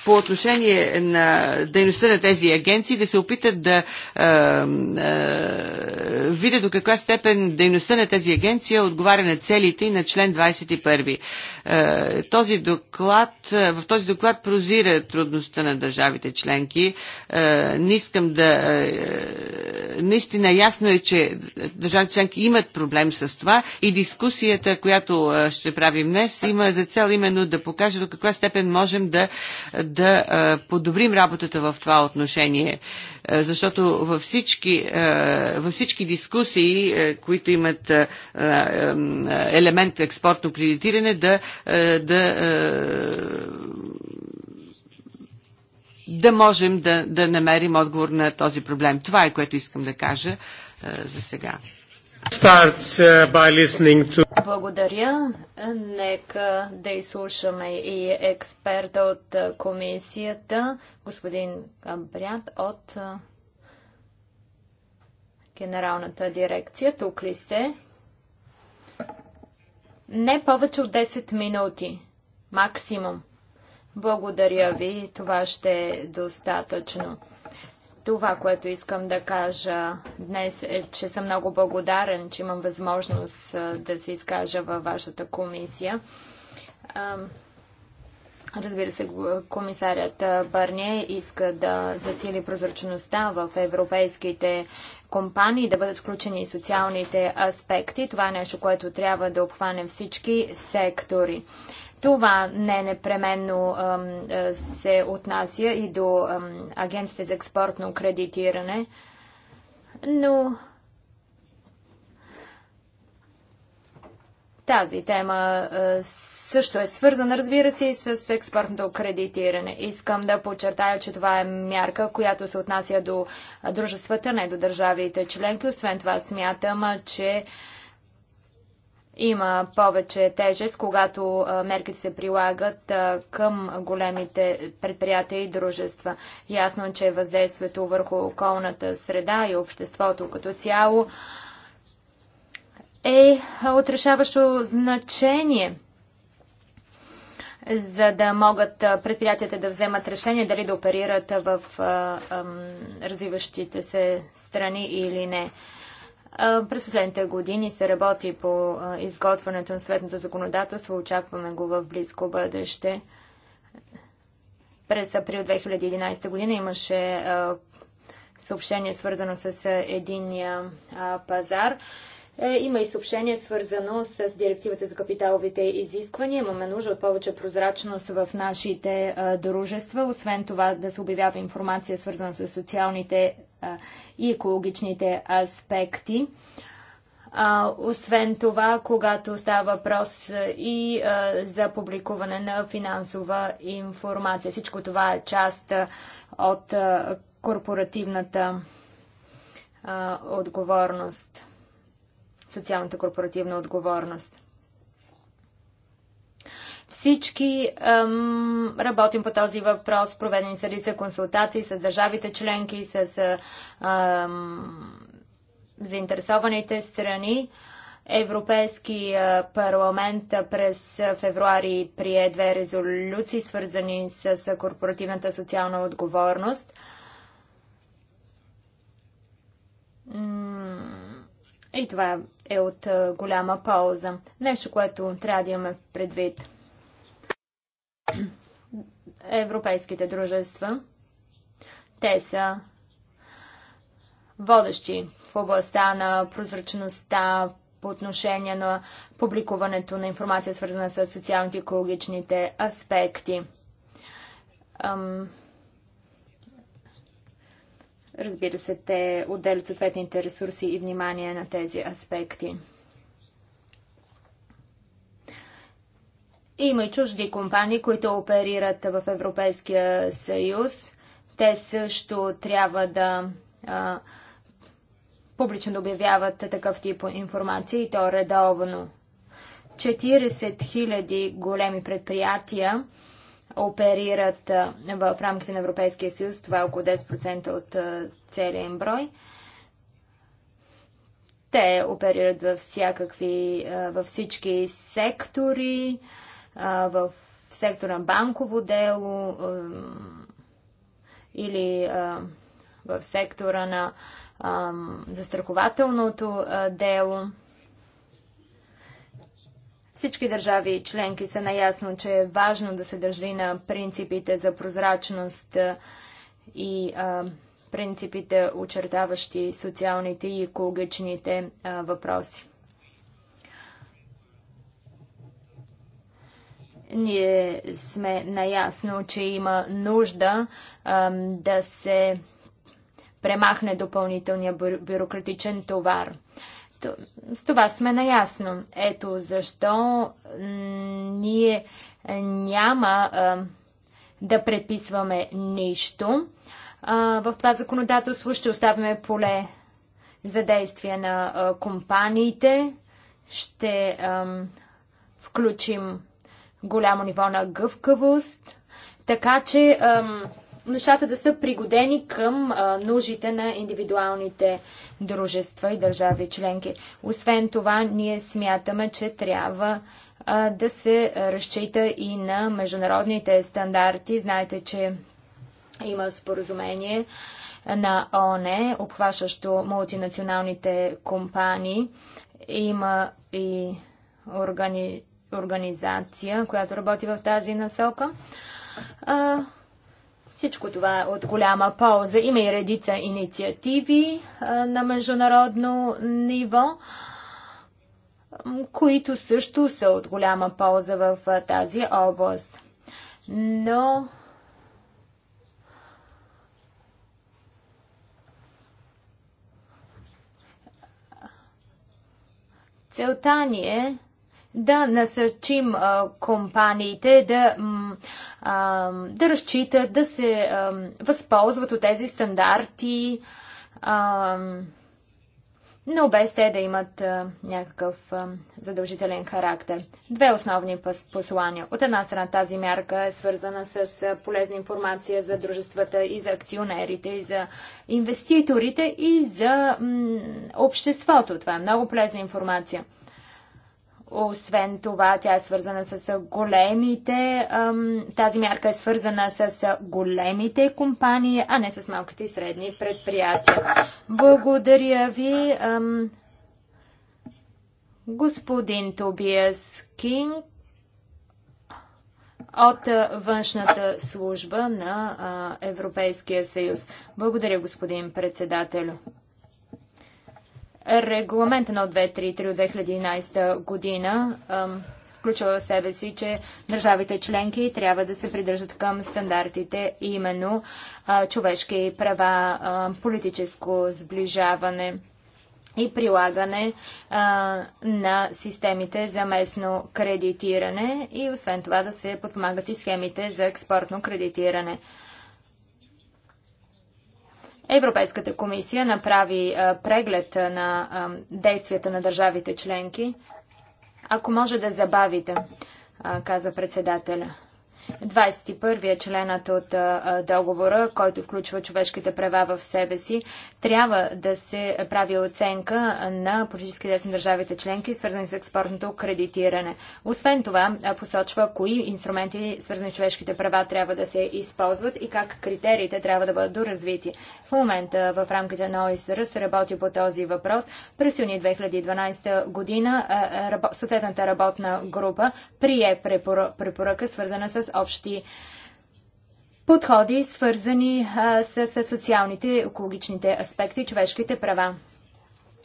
по отношение на дейността на тези агенции, да се опитат да а, а, видят до каква степен дейността на тези агенции отговаря на целите и на член 21. А, този доклад, в този доклад прозира трудността на държавите членки. А, не искам да... А, наистина ясно е, че държавите членки имат проблем с това и дискусията, която ще правим днес, има за цел именно да покаже до каква степен можем да да подобрим работата в това отношение, защото във всички, във всички дискусии, които имат елемент експортно кредитиране, да, да да можем да, да намерим отговор на този проблем. Това е което искам да кажа за сега. Uh, to... Благодаря. Нека да изслушаме и експерта от комисията, господин Камбрят от Генералната дирекция. Тук ли сте? Не повече от 10 минути. Максимум. Благодаря ви. Това ще е достатъчно. Това, което искам да кажа днес е, че съм много благодарен, че имам възможност да се изкажа във вашата комисия. Разбира се, комисарят Барне иска да засили прозрачността в европейските компании, да бъдат включени и социалните аспекти. Това е нещо, което трябва да обхване всички сектори. Това не непременно е, се отнася и до агенците за експортно кредитиране, но тази тема е, също е свързана, разбира се, и с експортното кредитиране. Искам да подчертая, че това е мярка, която се отнася до дружествата, не до държавите членки. Освен това смятам, че има повече тежест, когато мерките се прилагат към големите предприятия и дружества. Ясно, че въздействието върху околната среда и обществото като цяло е отрешаващо значение за да могат предприятията да вземат решение дали да оперират в развиващите се страни или не. През последните години се работи по изготвянето на Светното законодателство. Очакваме го в близко бъдеще. През април 2011 година имаше съобщение, свързано с единия пазар. Е, има и съобщение свързано с директивата за капиталовите изисквания. Имаме нужда от повече прозрачност в нашите дружества. Освен това да се обявява информация свързана с социалните и екологичните аспекти. А, освен това, когато става въпрос и а, за публикуване на финансова информация. Всичко това е част а, от корпоративната отговорност социалната корпоративна отговорност. Всички ем, работим по този въпрос, проведени са редица консултации с държавите членки, с ем, заинтересованите страни. Европейски парламент през февруари прие две резолюции, свързани с корпоративната социална отговорност. И това е е от голяма полза. Нещо, което трябва да имаме предвид. Европейските дружества, те са водещи в областта на прозрачността по отношение на публикуването на информация, свързана с социалните и екологичните аспекти Разбира се, те отделят съответните ресурси и внимание на тези аспекти. Има и чужди компании, които оперират в Европейския съюз. Те също трябва да а, публично да обявяват такъв тип информация и то редовно. 40 000 големи предприятия оперират в рамките на Европейския съюз. Това е около 10% от целия им брой. Те оперират във всякакви, във всички сектори, в сектора банково дело или в сектора на застрахователното дело. Всички държави членки са наясно, че е важно да се държи на принципите за прозрачност и а, принципите, очертаващи социалните и екологичните а, въпроси. Ние сме наясно, че има нужда а, да се премахне допълнителния бюрократичен товар. А, с това сме наясно. Ето защо ние няма да предписваме нищо. в това законодателство ще оставяме поле за действие на компаниите. Ще включим голямо ниво на гъвкавост. Така че нещата да са пригодени към а, нуждите на индивидуалните дружества и държави членки. Освен това, ние смятаме, че трябва а, да се разчита и на международните стандарти. Знаете, че има споразумение на ОНЕ, обхващащо мултинационалните компании. Има и органи... организация, която работи в тази насока. А, всичко това е от голяма полза. Има и редица инициативи на международно ниво, които също са от голяма полза в тази област. Но целта ни е да насърчим а, компаниите да, а, да разчитат, да се а, възползват от тези стандарти, а, но без те да имат а, някакъв а, задължителен характер. Две основни послания. От една страна тази мярка е свързана с а, полезна информация за дружествата и за акционерите, и за инвеститорите, и за м, обществото. Това е много полезна информация. Освен това, тя е свързана с големите, тази мярка е свързана с големите компании, а не с малките и средни предприятия. Благодаря ви, господин Тобиас Кинг от външната служба на Европейския съюз. Благодаря, господин председател. Регламент 233 от 2011 година включва в себе си, че държавите членки трябва да се придържат към стандартите именно човешки права, политическо сближаване и прилагане а, на системите за местно кредитиране и освен това да се подпомагат и схемите за експортно кредитиране. Европейската комисия направи преглед на действията на държавите членки. Ако може да забавите, каза председателя. 21 я членът от договора, който включва човешките права в себе си, трябва да се прави оценка на политически десни държавите членки, свързани с експортното кредитиране. Освен това, посочва кои инструменти, свързани с човешките права, трябва да се използват и как критериите трябва да бъдат доразвити. В момента в рамките на ОИСР се работи по този въпрос. През юни 2012 година съответната работна група прие препоръка, свързана с общи подходи, свързани с, социалните социалните, екологичните аспекти и човешките права.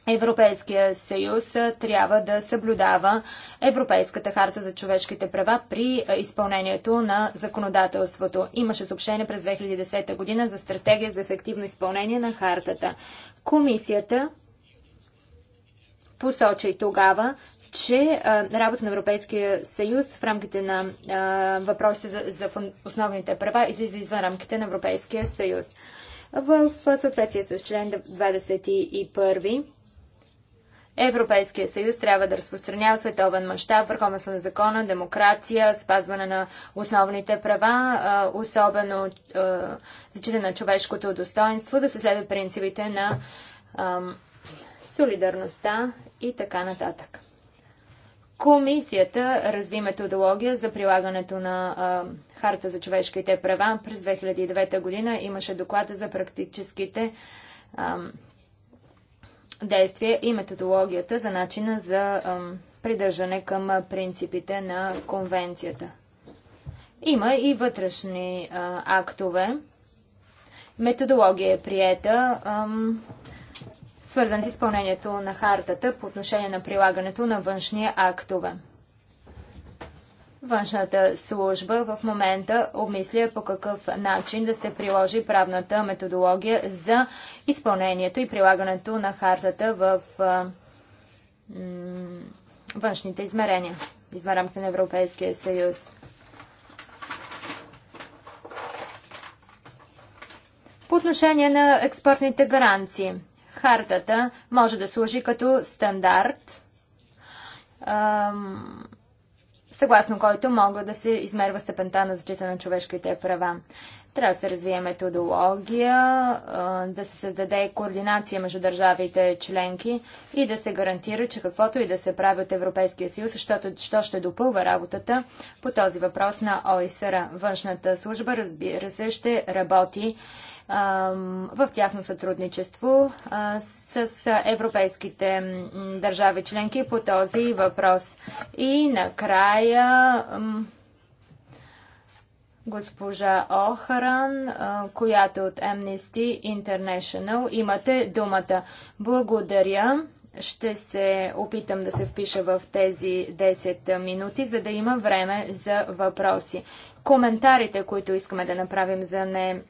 Европейския съюз трябва да съблюдава Европейската харта за човешките права при изпълнението на законодателството. Имаше съобщение през 2010 година за стратегия за ефективно изпълнение на хартата. Комисията посочи тогава, че работа на Европейския съюз в рамките на въпросите за, за основните права излиза извън рамките на Европейския съюз. В съответствие с член 21 Европейския съюз трябва да разпространява световен мащаб, върховенство на закона, демокрация, спазване на основните права, особено зачитане на човешкото достоинство, да се следват принципите на солидарността и така нататък. Комисията разви методология за прилагането на а, Харта за човешките права. През 2009 година имаше доклада за практическите а, действия и методологията за начина за а, придържане към принципите на конвенцията. Има и вътрешни а, актове. Методология е приета. А, свързан с изпълнението на хартата по отношение на прилагането на външния актове. Външната служба в момента обмисля по какъв начин да се приложи правната методология за изпълнението и прилагането на хартата в външните измерения, извън рамките на Европейския съюз. По отношение на експортните гаранции – Хартата може да служи като стандарт, съгласно който могат да се измерва степента на защита на човешките права. Трябва да се развие методология, да се създаде координация между държавите членки и да се гарантира, че каквото и да се прави от Европейския съюз, защото що ще допълва работата по този въпрос на ОИСР. Външната служба, разбира се, ще работи в тясно сътрудничество с европейските държави членки по този въпрос. И накрая госпожа Охаран, която от Amnesty International. Имате думата. Благодаря. Ще се опитам да се впиша в тези 10 минути, за да има време за въпроси. Коментарите, които искаме да направим за не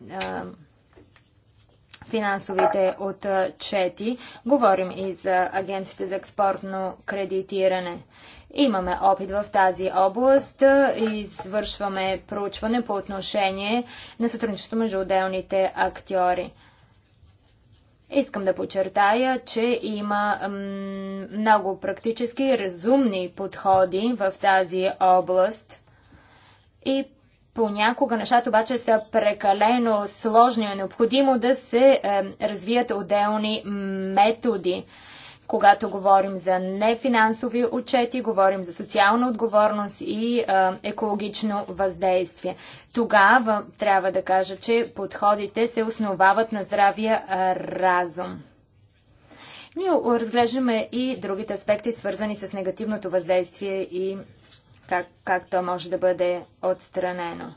финансовите отчети. Говорим и за агенците за експортно кредитиране. Имаме опит в тази област и извършваме проучване по отношение на сътрудничество между отделните актьори. Искам да подчертая, че има много практически разумни подходи в тази област и Понякога нещата обаче са прекалено сложни, е необходимо да се е, развият отделни методи. Когато говорим за нефинансови отчети, говорим за социална отговорност и е, екологично въздействие. Тогава трябва да кажа, че подходите се основават на здравия е, разум. Ние разглеждаме и другите аспекти, свързани с негативното въздействие и как, как то може да бъде отстранено.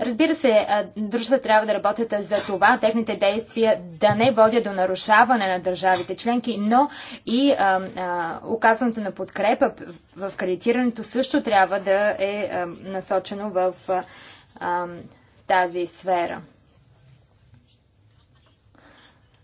Разбира се, дружествата трябва да работят за това, техните действия да не водят до нарушаване на държавите членки, но и а, а, оказването на подкрепа в кредитирането също трябва да е а, насочено в а, тази сфера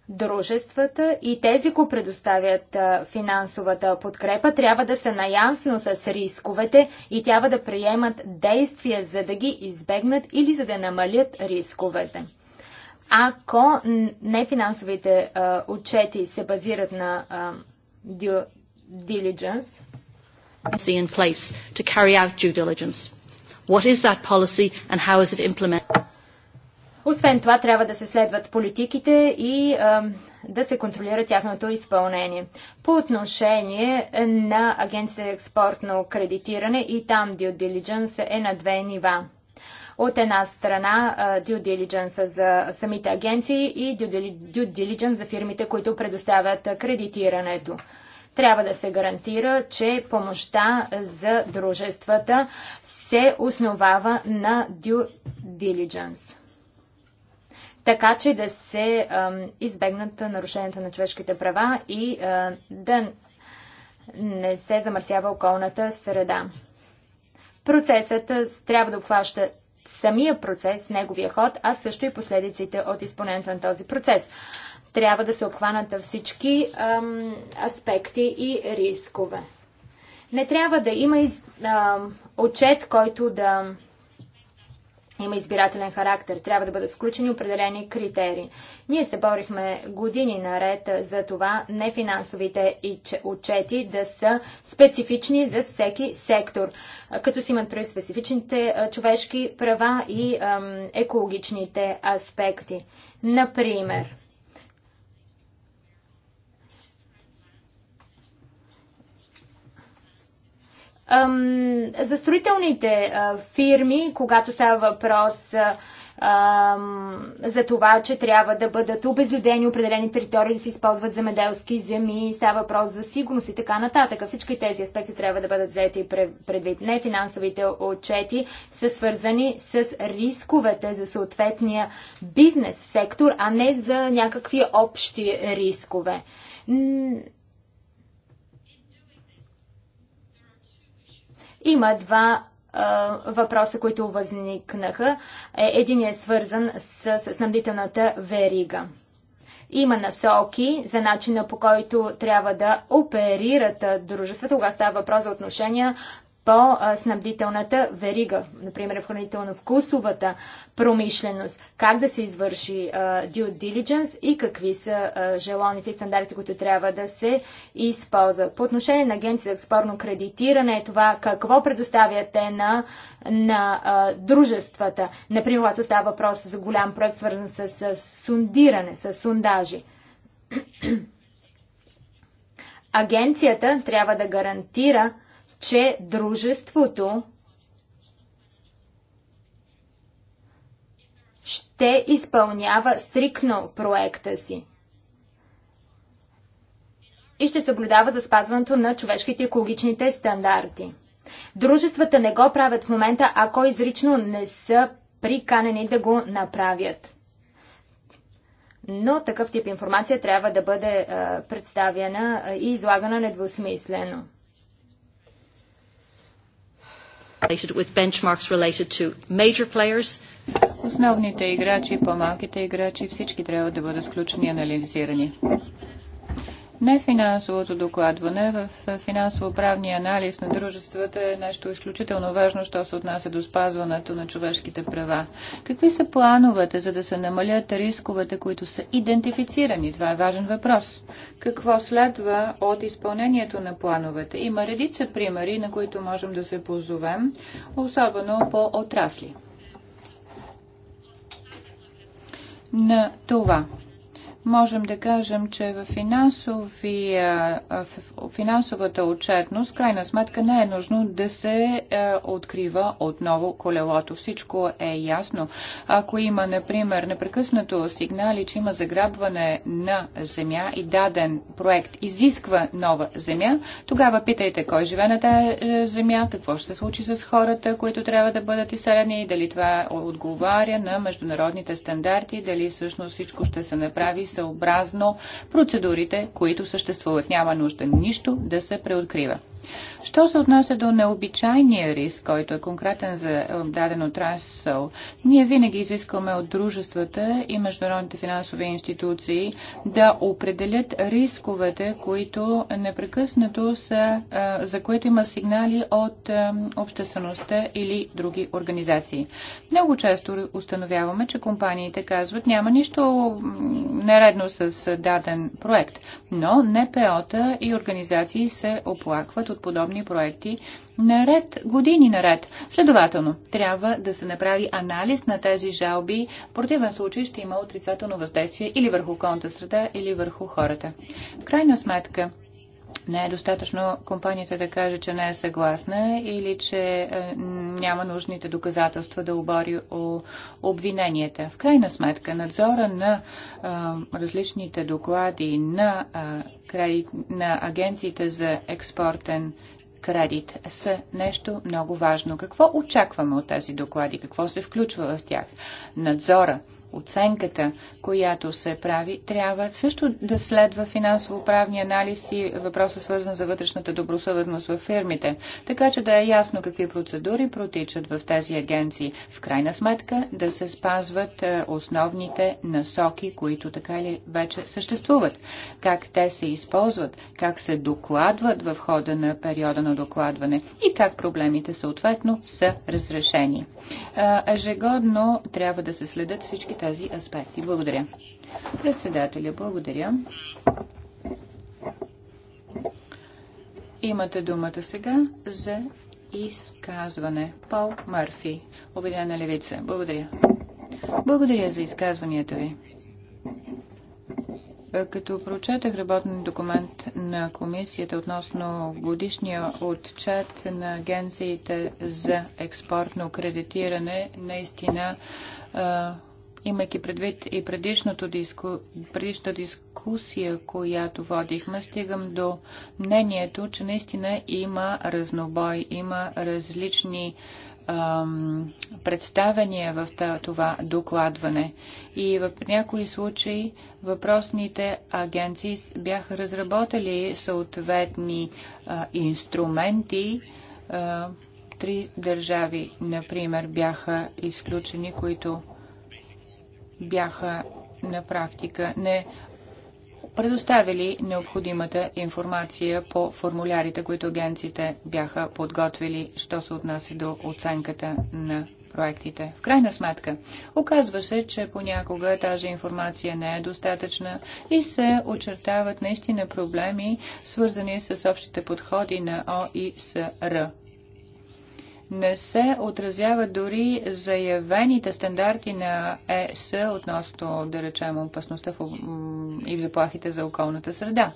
дружествата и тези, които предоставят финансовата подкрепа, трябва да са наясно с рисковете и трябва да приемат действия, за да ги избегнат или за да намалят рисковете. Ако нефинансовите а, отчети се базират на а, due diligence, in place to carry out due diligence. What is that policy and how is it implemented? Освен това, трябва да се следват политиките и а, да се контролира тяхното изпълнение. По отношение на агенция за експортно кредитиране и там due diligence е на две нива. От една страна due diligence за самите агенции и due diligence за фирмите, които предоставят кредитирането трябва да се гарантира, че помощта за дружествата се основава на due diligence така че да се избегнат нарушенията на човешките права и да не се замърсява околната среда. Процесът трябва да обхваща самия процес, неговия ход, а също и последиците от изпълнението на този процес. Трябва да се обхванат всички ам, аспекти и рискове. Не трябва да има из, ам, отчет, който да има избирателен характер, трябва да бъдат включени определени критерии. Ние се борихме години наред за това нефинансовите отчети да са специфични за всеки сектор, като си имат пред специфичните човешки права и екологичните аспекти. Например, За строителните фирми, когато става въпрос за това, че трябва да бъдат обезлюдени определени територии, да се използват земеделски земи, става въпрос за сигурност и така нататък. Всички тези аспекти трябва да бъдат взети предвид. Не финансовите отчети са свързани с рисковете за съответния бизнес сектор, а не за някакви общи рискове. Има два въпроса, които възникнаха. Е, Единият е свързан с снабдителната верига. Има насоки за начина по който трябва да оперират дружествата, тогава става въпрос за отношения по снабдителната верига, например в хранително-вкусовата промишленост, как да се извърши due diligence и какви са желаните стандарти, които трябва да се използват. По отношение на агенция за експортно кредитиране е това какво предоставяте на, на а, дружествата. Например, когато става въпрос за голям проект, свързан с, с сундиране, с сундажи. Агенцията трябва да гарантира че дружеството ще изпълнява стрикно проекта си и ще съблюдава за спазването на човешките екологичните стандарти. Дружествата не го правят в момента, ако изрично не са приканени да го направят. Но такъв тип информация трябва да бъде представена и излагана недвусмислено. calculated with benchmarks related to major players. Основните играчи, по-малките играчи, всички трябва да бъдат включени и анализирани. Нефинансовото докладване в финансово-правния анализ на дружествата е нещо изключително важно, що се отнася до спазването на човешките права. Какви са плановете, за да се намалят рисковете, които са идентифицирани? Това е важен въпрос. Какво следва от изпълнението на плановете? Има редица примери, на които можем да се позовем, особено по отрасли. На това можем да кажем, че в, в финансовата отчетност, крайна сметка, не е нужно да се е, открива отново колелото. Всичко е ясно. Ако има, например, непрекъснато сигнали, че има заграбване на земя и даден проект изисква нова земя, тогава питайте кой живее на тази е, земя, какво ще се случи с хората, които трябва да бъдат изселени, дали това отговаря на международните стандарти, дали всъщност всичко ще се направи съобразно процедурите, които съществуват. Няма нужда нищо да се преоткрива. Що се отнася до необичайния риск, който е конкретен за дадено отрасъл, ние винаги изискваме от дружествата и международните финансови институции да определят рисковете, които непрекъснато са, за които има сигнали от обществеността или други организации. Много често установяваме, че компаниите казват, няма нищо нередно с даден проект, но НПО-та и организации се оплакват от от подобни проекти наред, години наред. Следователно, трябва да се направи анализ на тези жалби. В противен случай ще има отрицателно въздействие или върху околната среда, или върху хората. В крайна сметка, не е достатъчно компанията да каже, че не е съгласна или че е, няма нужните доказателства да обори обвиненията. В крайна сметка, надзора на а, е, различните доклади на, а, е, кредит, на агенциите за експортен кредит са нещо много важно. Какво очакваме от тези доклади? Какво се включва в тях? Надзора оценката, която се прави, трябва също да следва финансово-правни анализи. и въпроса свързан за вътрешната добросъвестност в фирмите, така че да е ясно какви процедури протичат в тези агенции. В крайна сметка да се спазват е, основните насоки, които така или вече съществуват, как те се използват, как се докладват в хода на периода на докладване и как проблемите съответно са разрешени. Е, ежегодно трябва да се следят всички тези аспекти. Благодаря. Председателя, благодаря. Имате думата сега за изказване. Пол Мърфи, Обединена левица. Благодаря. Благодаря за изказванията ви. Като прочетах работен документ на комисията относно годишния отчет на агенциите за експортно кредитиране, наистина имайки предвид и предишното диску, предишната дискусия, която водихме, стигам до мнението, че наистина има разнобой, има различни ам, представения в това докладване. И в някои случаи въпросните агенции бяха разработили съответни а, инструменти, а, три държави, например, бяха изключени, които бяха на практика не предоставили необходимата информация по формулярите, които агенциите бяха подготвили, що се отнася до оценката на проектите. В крайна сметка, оказва се, че понякога тази информация не е достатъчна и се очертават наистина проблеми, свързани с общите подходи на ОИСР не се отразява дори заявените стандарти на ЕС относно, да речем, опасността в, и заплахите за околната среда.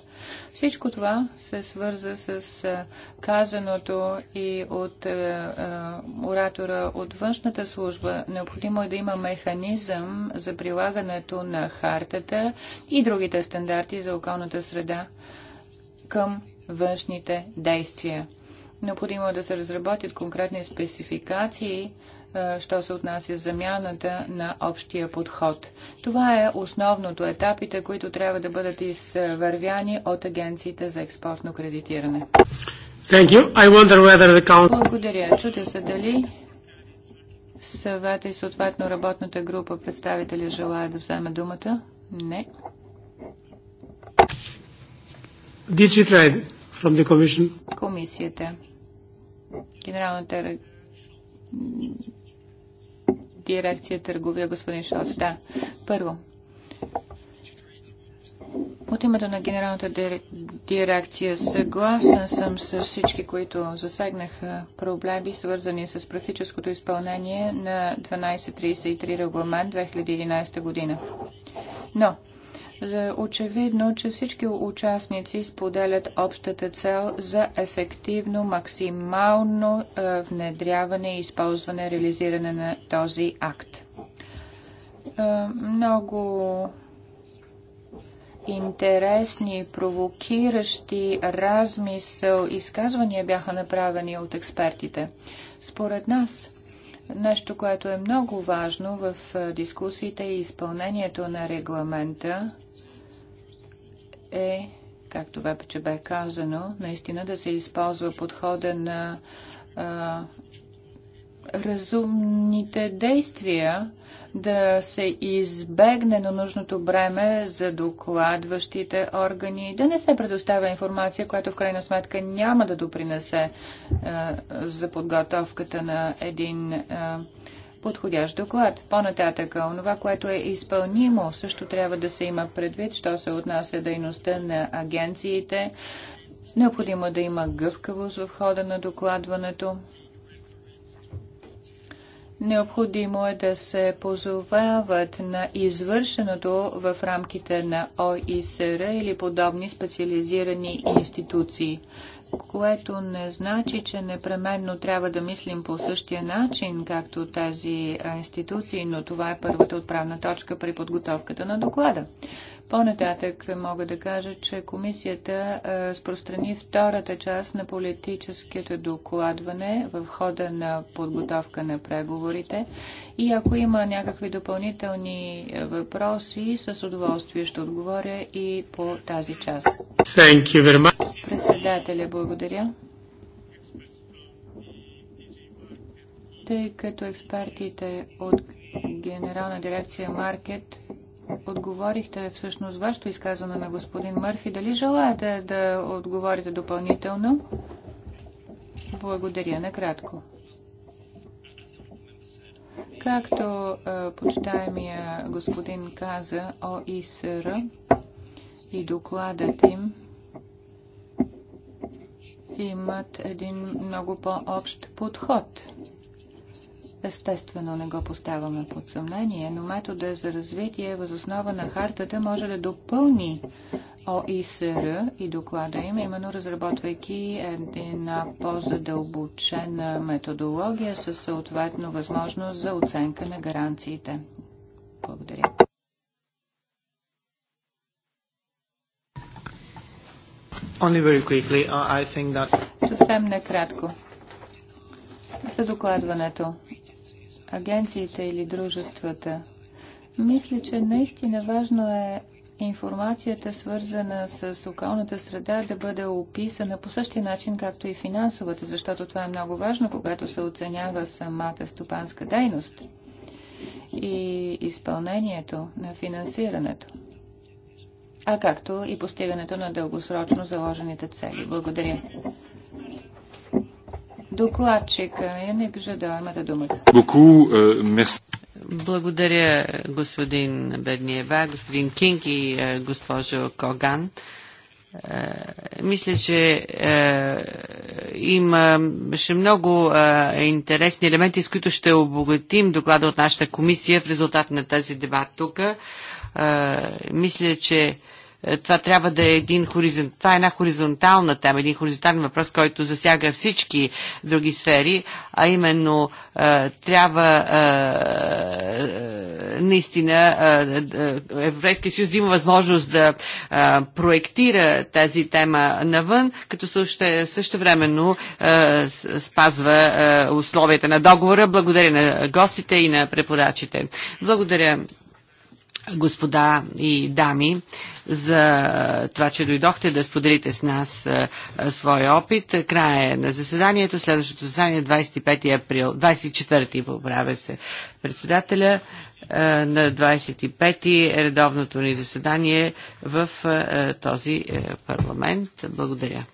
Всичко това се свърза с казаното и от е, оратора от външната служба. Необходимо е да има механизъм за прилагането на хартата и другите стандарти за околната среда към външните действия. Необходимо е да се разработят конкретни спецификации, е, що се отнася замяната на общия подход. Това е основното етапите, които трябва да бъдат извървяни от агенциите за експортно кредитиране. Благодаря. Чуте се дали съвета и съответно работната група представители желая да вземе думата. Не. from the Commission. Комисията генералната дирекция търговия, господин Шоц. Да. Първо, от името на генералната дирекция съгласен съм с всички, които засегнаха проблеми, свързани с практическото изпълнение на 1233 регламент 2011 година. Но за очевидно, че всички участници споделят общата цел за ефективно, максимално е, внедряване и използване, реализиране на този акт. Е, много интересни, провокиращи размисъл изказвания бяха направени от експертите. Според нас, Нещо, което е много важно в дискусиите и изпълнението на регламента е, както вече бе казано, наистина да се използва подхода на а, разумните действия, да се избегне на нужното бреме за докладващите органи, да не се предоставя информация, която в крайна сметка няма да допринесе а, е, за подготовката на един а, е, подходящ доклад. По-нататъка, онова, което е изпълнимо, също трябва да се има предвид, що се отнася дейността на агенциите. Необходимо да има гъвкавост в хода на докладването. Необходимо е да се позовават на извършеното в рамките на ОИСР или подобни специализирани институции което не значи, че непременно трябва да мислим по същия начин, както тези институции, но това е първата отправна точка при подготовката на доклада. По-нататък мога да кажа, че комисията разпространи втората част на политическото докладване в хода на подготовка на преговорите и ако има някакви допълнителни въпроси, с удоволствие ще отговоря и по тази част. Председателя, благодаря благодаря. Тъй като експертите от Генерална дирекция Маркет отговорихте всъщност вашето изказване на господин Мърфи, дали желаете да отговорите допълнително? Благодаря. Накратко. Както почитаемия господин каза, ОИСР и докладът им имат един много по-общ подход. Естествено не го поставяме под съмнение, но метода за развитие възоснова на хартата може да допълни ОИСР и доклада им, именно разработвайки една по-задълбочена методология със съответно възможност за оценка на гаранциите. Благодаря. Only very quickly, uh, I think that... Съвсем накратко. За докладването. Агенциите или дружествата. Мисля, че наистина важно е информацията, свързана с околната среда, да бъде описана по същия начин, както и финансовата, защото това е много важно, когато се оценява самата стопанска дейност и изпълнението на финансирането а както и постигането на дългосрочно заложените цели. Благодаря. Докладчика Янек е Жадо, имате дума. Euh, Благодаря, господин Бедниева, господин Кинг и е, госпожо Коган. Е, мисля, че има имаше много интересни елементи, с които ще обогатим доклада от нашата комисия в резултат на тази дебат тук. мисля, че е, това трябва да е един хоризонт, това е една хоризонтална тема, един хоризонтален въпрос, който засяга всички други сфери, а именно е, трябва е, наистина Европейския съюз да има възможност да проектира тази тема навън, като също, също времено спазва условията на договора. Благодаря на гостите и на преподачите. Благодаря господа и дами, за това, че дойдохте да споделите с нас своя опит. Края на заседанието, следващото заседание 25 е април, 24 поправя се председателя на 25 редовното ни заседание в този парламент. Благодаря.